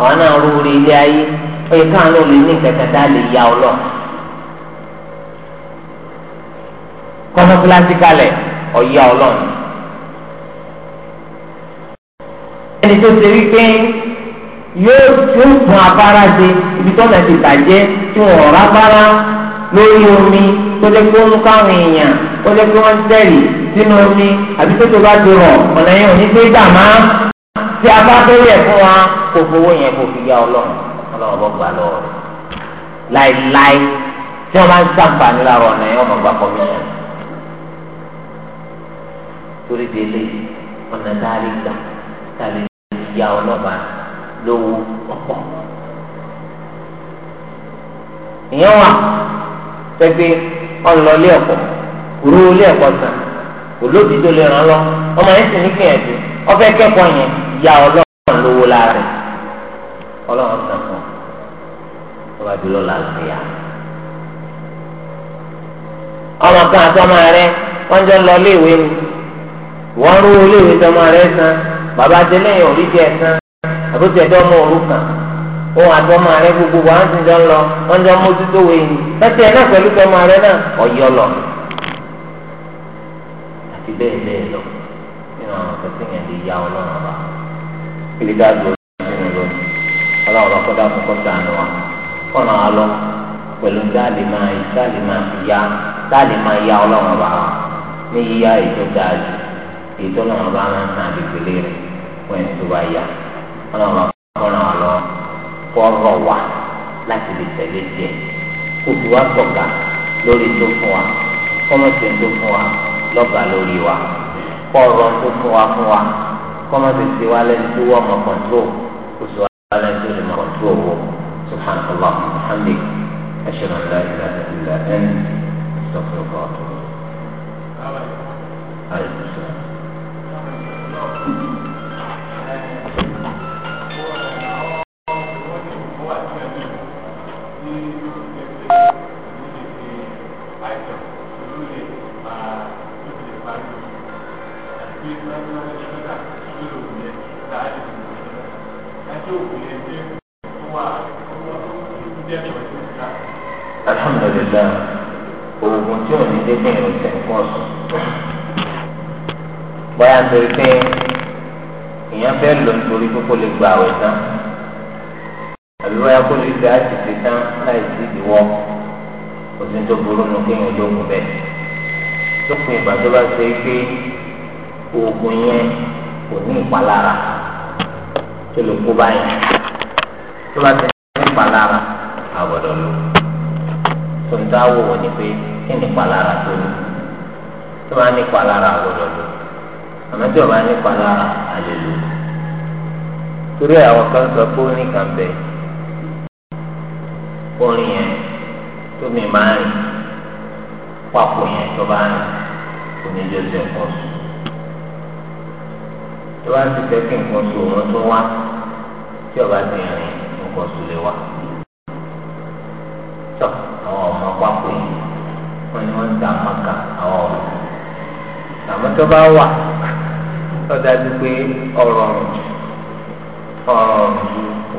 àwọn náà rú orí ilé ayé ó yẹ káwọn náà lè ní ìkẹkẹdá lè ya ọ lọ. kọ́nọ́ kíláàsì kalẹ̀ ọ̀ya ọlọ́run. ẹni tó ṣe wípé yóò tún tún afárá ṣe ibi tó náà ti bàjẹ́ tí wọ́n rà bára lórí omi tó lé kó ń káwọn èèyàn tó lé kó ń tẹ̀lé sínú omi àbí tó tó bá ti rọ̀ ọ̀nà yẹn ò ní gbé gbà máa tí a bá bẹ̀rẹ̀ fún wa kò fowó yẹn kò fi yá ọlọ́run ọlọ́run bọ́ gbà lọ́wọ́ rẹ̀ láéláé tí wọ́n bá ń sàǹfààní lára ọ̀nà yẹn ọmọ gbà kọ́míṣọ̀n torí délé ọ̀nà tá a lè gbà tá a lè yá ọlọ́ba lówó ọ̀pọ̀ ìyẹn wà pẹ́pẹ́ ọ̀nlọ́lé ẹ̀kọ́ rúlé ẹ̀kọ́ sàn olóòtú tó lè ràn lọ ọmọ yẹn sì ní kìyànjú ọfẹ́ kẹ́kọ̀ọ́ yẹn ya ọlọ́run lówó láàrẹ̀ ọlọ́run sàn fún ọ bá dúró láti yá. ọmọ kan àtọ́mọ rẹ wọ́n jọ lọ léèwé ni wọ́n rú léèwé tọmọ rẹ san bàbá délé yẹn ò rí jẹ san àbújá ẹjọ́ mọ òru kan ohun àtọ́mọ rẹ gbogbo wọn ti jọ lọ wọ́n jọ mójútó wẹ̀ ni lẹ́sẹ̀ náà pẹ̀lú tọmọ rẹ náà ọ̀yọ́ lọ àti bẹ́ẹ̀ bẹ́ẹ̀ lọ nínú àwọn akẹ́kọ̀ọ́ yẹn lè ya ọlọ́run bá ibi tá a dúró nínú lónìí ọlọ́run ọkọ dákun kọ́ sànù wa kọ́nà wa lọ pẹ̀lú dáàlì máa dáàlì máa fi ya dáàlì máa ya ọlọ́run ọba wa ní yíyá ètò dáàjù ètò ọlọ́run ọba máa ń san àdìgbélé rẹ̀ fún ẹni tó bá ya ọlọ́run ọba kọ́nà wa lọ kọ́rọ̀ wa láti lè tẹ̀lé tiẹ̀ kó fi wá lórí tó fún wa kọ́mọ̀tì tó fún wa lọ́gàá lórí wa kọ́rọ̀ tó fún wa fún wa kọ́mọ́ ti ti wá lẹ́nu tó wọ́n mọ̀ kọ́ńtró kó sì wá lẹ́nu tó lè mọ̀ kọ́ńtró wọ́ subhanahu wa ta'ala alhamdulilayi ashhadu an la ilaha illa Thank you. alhamdulilayi oògùn tí ò ní dédé ìrìnsẹ̀ kọ́ọ̀sì bóyá nítorí pé èèyàn fẹ́ lò nítorí pé kó lè gba àwẹ̀ tán àbí bóyá kó lè gba àtìsí tán láì sí ìdíwọ́ kò tó burú nu kéèyàn lóògùn bẹ́ẹ̀ tó pin ìgbà tó bá ṣe pé oògùn yẹn kò ní ìpalára tó lè kó báyìí tó bá ti ní ìpalára àgbọ̀dọ̀ lò tó ń dáwò wọ̀ ni pé kí ni ìpalára tó ní tó bá ní ìpalára àgbọ̀dọ̀ lò àmọ́ tí o bá ní ìpalára àlè lò torí àwọn kan sọ pé ó ní kàn bẹ́ẹ̀ orin yẹn tó máa ń rìn papò yẹn tó bá ń rìn oníjọ́sẹ̀ pọ̀ sùn tó bá ti fẹ́ kí nǹkan sùn òun tó wá tí ọba ti rìn nǹkan sùn lè wá. tọ́ àwọn ọmọ pápọ̀ yìí wọ́n ní wọ́n ń ta àmàkà àwọn ọmọ. àmọ́ tó bá wà lọ́dà pé ọ̀rọ̀ ọ̀rọ̀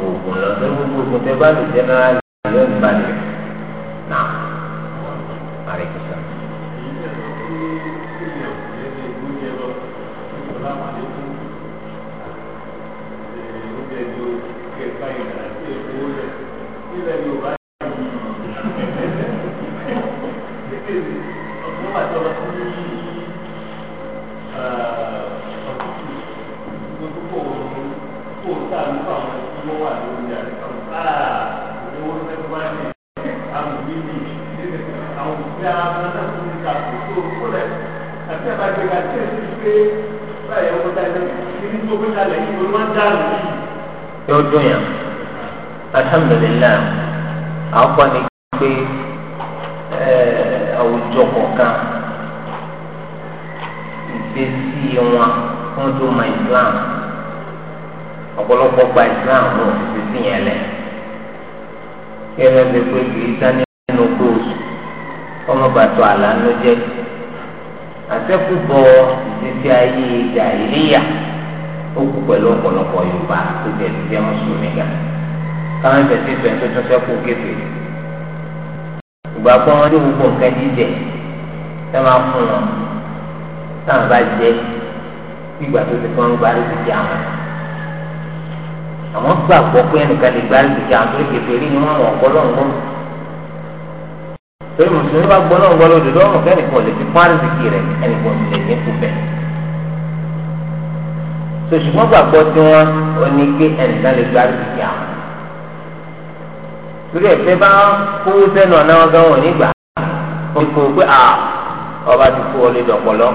oògùn lọ gbogbo oògùn tẹ́ bá lè jẹ́nẹ́rà lọ́dún balẹ̀ náà. pé báyọ̀ wọ́n dá iná ibi tó gbé kalẹ̀ yìí ló máa ń dà yóò dùn yàn alhamdulilayi àwọn ni pé àwùjọ kọ̀ọ̀kan ìgbésí wọn fún tó ma Islam ọ̀pọ̀lọpọ̀ gba Islam ló ń yẹn lẹ̀ àtẹkùbọ ìdíje ayé jàìlíyà ó kú pẹ̀lú ọ̀pọ̀lọpọ̀ yorùbá tó jẹ ìdíje mùsùlùmí ga káwọn tẹsí ìfẹ́ tó tún ṣẹ́kù kéfì ìgbà kan wọn ní gbogbo nǹkan jíjẹ ẹ máa fún wọn táwọn bá jẹ ìgbà tó ti kọ́ ń gba àrídìjì àwọn àwọn gbàgbọ́ pé ẹnìkan lè gba àrídìjì àwọn tó lè kéfì rí ni wọn mọ̀ ọ̀pọ̀lọpọ̀ pé mùsùlùmí bá gbọ́ náà gbọ́dọ̀ dòdò ọ̀rùn fẹ́ nìkan lè fi párìsìkì rẹ̀ ẹnìkan lè ní kú bẹ̀. sòṣùgbọ́n gbàgbọ́ tí wọ́n oní pé ẹnìkan lè gba àrìsìkì àwọn. torí ẹ̀ fẹ́ bá kówó sẹ́nu ọ̀nà wọn gan wọn nígbà wọn kò pé à ọba ti kó ọlẹ́ dọ̀pọ̀lọ́.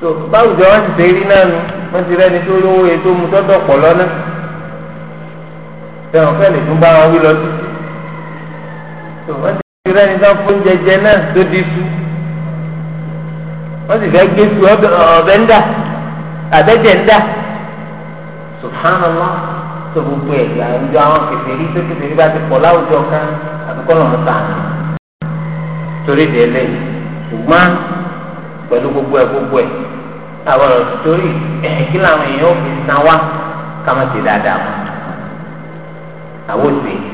tó báwùjọ wọn ti ṣe rí náà nu wọn ti rẹ́ni tó lówó ètò mu tọ́dọ̀pọ̀lọ́ náà. fẹ́ràn fẹ́ẹ̀ tó wọ́n ti rẹ́ ní sáfó jẹjẹ náà tó di su wọ́n sì fẹ́ gbé su ọ̀bẹ ńdà àbẹ́jẹ̀ ńdà subhanallah tó gbogbo ẹ̀ yà ìjọ àwọn kẹfẹ́rí tó kẹfẹ́rí bá ti pọ̀ láwùjọ kan àbíkọ́ lọ́mọ tàn torí dé lẹ́yìn ṣùgbọ́n pẹ̀lú gbogbo ẹ̀ gbogbo ẹ̀ àwọn ọ̀rọ̀ torí kí làwọn èèyàn ò fi san ká má ti dáadáa mọ́ àwọn òṣèlú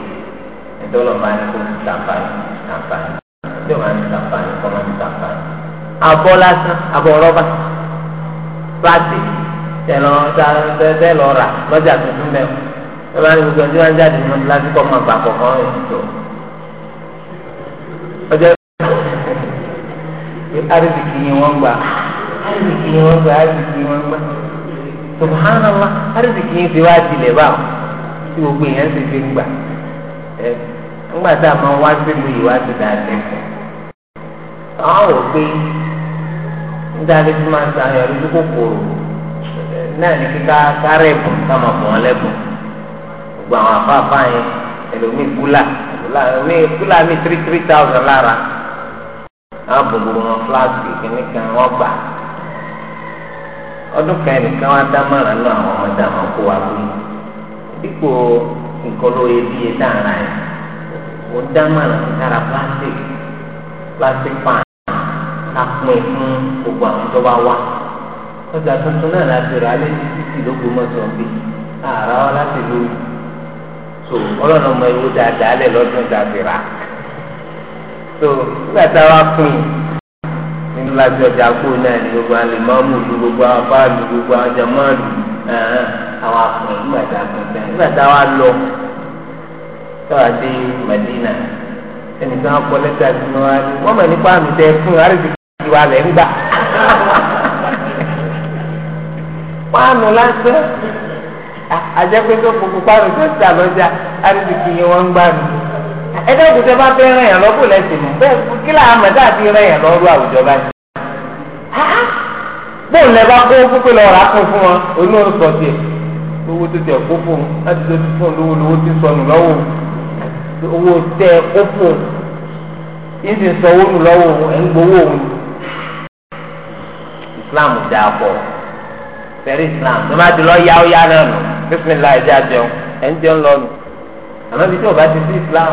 tọ́lọ̀ máa ní kó ní sàǹfààní sàǹfààní tí ó máa ní sàǹfààní kọ́ máa ní sàǹfààní. abọ́ lásán abọ́ rọ́bà plastic tẹ̀lọ́ tẹ́ lọ rà lọ́jà tuntun mẹ́wọ́ ẹ máa ní gbogbo ẹjọ́ jáde nínú plastic subhanallah arziki ni ti wá tilẹ̀ báwọn tí gbogbo èèyàn ńgbà tá a máa wá sílùú ìwádìí dáadẹ́kọ̀ àwọn rò pé nítorí tí máa ń sa ayọ̀ lójú kòkòrò náà ní kíká kárẹ̀ bùn káma bùn ọlẹ́bùn gbogbo àwọn afáfá yẹn ẹlòmíì kúlà ẹlòmíì kúlà mi tírí tírí táwùsàn lára àwọn gbogbo wọn fúláàsì kìíní kan wọn gbà ọdún kan nìkan wọn dámọ̀ràn náà àwọn ọmọdé àwọn kó wa gbé dípò nǹkan lóye bíi dáhùn náà yẹn mo dámàrà kára plastic plastic pan apin fún gbogbo àwọn tó bá wá ọjà tuntun náà láti rà lé títí lógún mọ́tò ń àrà wa láti lóyún so ọlọ́run ọmọ ewu dáadáa lẹ̀ lọ́dún ìdàbí rà so nígbà tá a wá pin nínú láti ọjà kó náà ní gbogbo àwọn lèmọ́mù lu gbogbo àwọn fáàlù gbogbo àwọn jàmáàlù àwọn àpò nígbà tá a pin nígbà tá a wá lọ. táwa dé Madina ẹnìkan kọ lẹ́tà sí wọn wá ní wọ́n mọ̀ nípa fún wa rẹ̀ ti wà lẹ́ ń gbà. páànù lásán àjẹpẹ́ tó fòkù tó ti àlọ́jà àrídìkì yẹn wọ́n ń gbà mí. bá fẹ́ lẹ́sìn bẹ́ẹ̀ lọ́rù àwùjọ báyìí. bóun lẹ bá kó lọ rà kún owó tẹ kó fún yìí ti sọ owó nù lọ́wọ́ òun ẹ̀ ń gbowó òun Islam dáa pọ̀ fẹ́rẹ́ Islam tó bá ti lọ yá ó yá náà nù bísímìlá ẹ̀jẹ̀ àjẹun ẹ̀ ń jẹun lọ nù àmọ́ ibi tí o bá ti sí Islam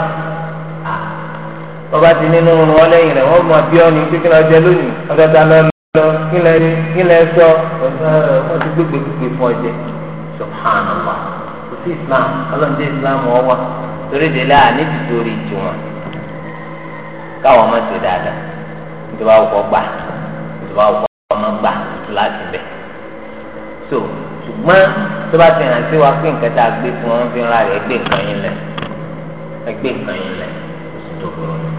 tọ́ba ti nínú wọn lẹ́yìn rẹ̀ wọ́n máa bí ọ ní kíkí lọ jẹ lónìí ọjọ́ ta lọ lọ kí lẹ rí kí lẹ sọ wọ́n ti gbégbé gbégbé fún ọjẹ́ subhanallah kò sí Islam ọlọ́run dé Islam ọwọ́ torí délé àní ti torí tiwọn káwọn ọmọ ti dáadáa ìjọba àwòkọ gbà ìjọba àwòkọ ọmọ gbà láti bẹ so ṣùgbọ́n tó bá ti hàn sí wa pé nǹkan tá a gbé fún wọn fi ń ra rẹ̀ ẹgbẹ́ nǹkan yín lẹ̀ ẹgbẹ́ nǹkan yín lẹ̀ oṣù tó kúrò ní.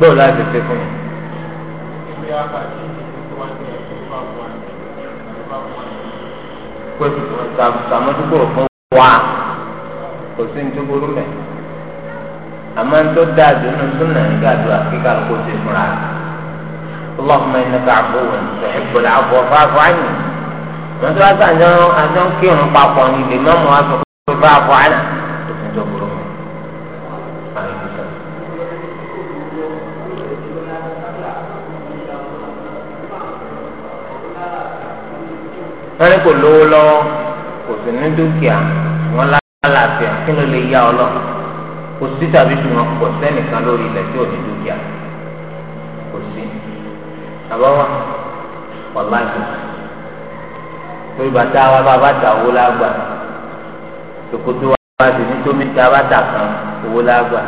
bóò láti fi fún mi. pé sàmójúkò fún wa kò sí ní tókòrò mẹ àmọ́ ń tó dáa dùnú súnà ń gbàdúrà kíkà ló kó sí fúnra rẹ̀ ọlọ́kùnrin ẹni ká àbò wọn ṣe ìgbọ̀dọ̀ àbọ̀ fáfọ́ àyìn wọ́n tó wá sí àjọ àjọ kírun papọ̀ ní mọ́mọ́ wa sọ pé àyìn. wọ́n ní kò lówó lọ́wọ́ kò sì ní dúkìá wọ́n lálàáfíà kí ló lè yá ọ lọ kò sí tàbí ṣùgbọ́n kò sẹ́nìkan lórí ilẹ̀ tí ò ní dúkìá kò sí àbáwá ọ̀làjò lórí bàtà wa bá bá ta owó lágbà tòkòtò wa ní tómi ta bá ta kan owó lágbà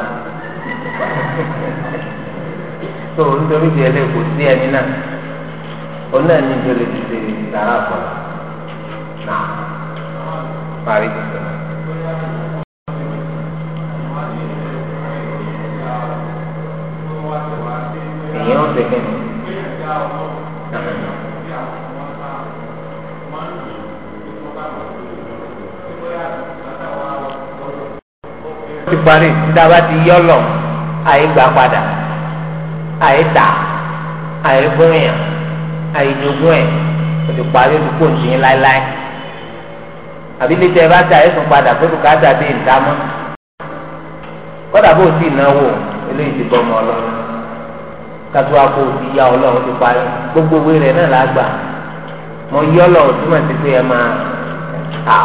tó nítorí ti ẹlẹ́kọ̀ọ́ sí ẹni náà ó náà ní ìjọ lè ti ṣe náà parí gbèsè. èèyàn ń sèké ni. ti parí dábàá ti yọ lọ àyè gbà padà àyè tà àyè gbóyàn àyè jogún o ti parí olùkó nìyẹn láéláé àbí létí ẹ bá ta ẹ̀sùn padà pé bùkátà bíi ìdámọ́ kọ́dà bó ti náwó eléyìí ti bọ́ ọmọ ọlọ́run kátó akó ti yá ọlọ́run ti parí gbogbo owó rẹ̀ náà lágbà mọ yí ọlọ́run tí mà ti pé ẹ máa ta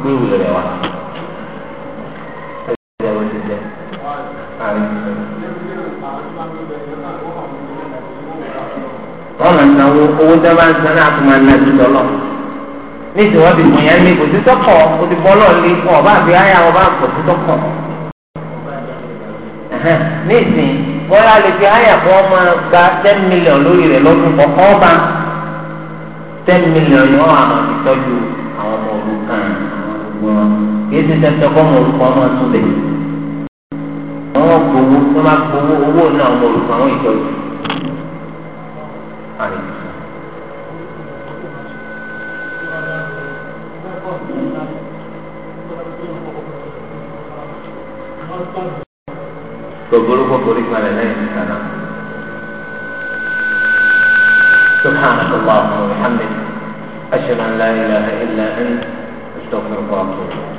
gbéwò rẹ̀ wá. wọ́n máa ń náwó owó tí wọ́n bá ń san náà tó máa ń nájú lọ́lọ́run níṣẹ́ wọ́n ti mọ̀ yẹn lé kò sí tọkọ̀ o ti bọ́ lọ́ọ̀ lé kọ́ ọba àti ayé ọba kò sí tọkọ̀ níṣẹ́ bọ́lá lè fi ayé àpò ọmọ gba ten million lórí rẹ̀ lọ́dún kọ̀ọ̀kan ọba ten million yẹn wọ́n àmọ̀ ìtọ́jú àwọn ọmọ òrukàn wọn kì í ti tẹ́tẹ́ kọ́ ọmọ òrukàn ọmọ tún lè wọ́n gbowó wọ́n máa gbowó owó náà ọmọ òrukàn wọn ìtọ́jú. gbogbo kòkòrò ìpalẹ̀ lẹ́yìn nìkan náà. سبحانك اللهم وبحمدك أشهد أن لا إله إلا أنت أستغفرك وأتوب إليك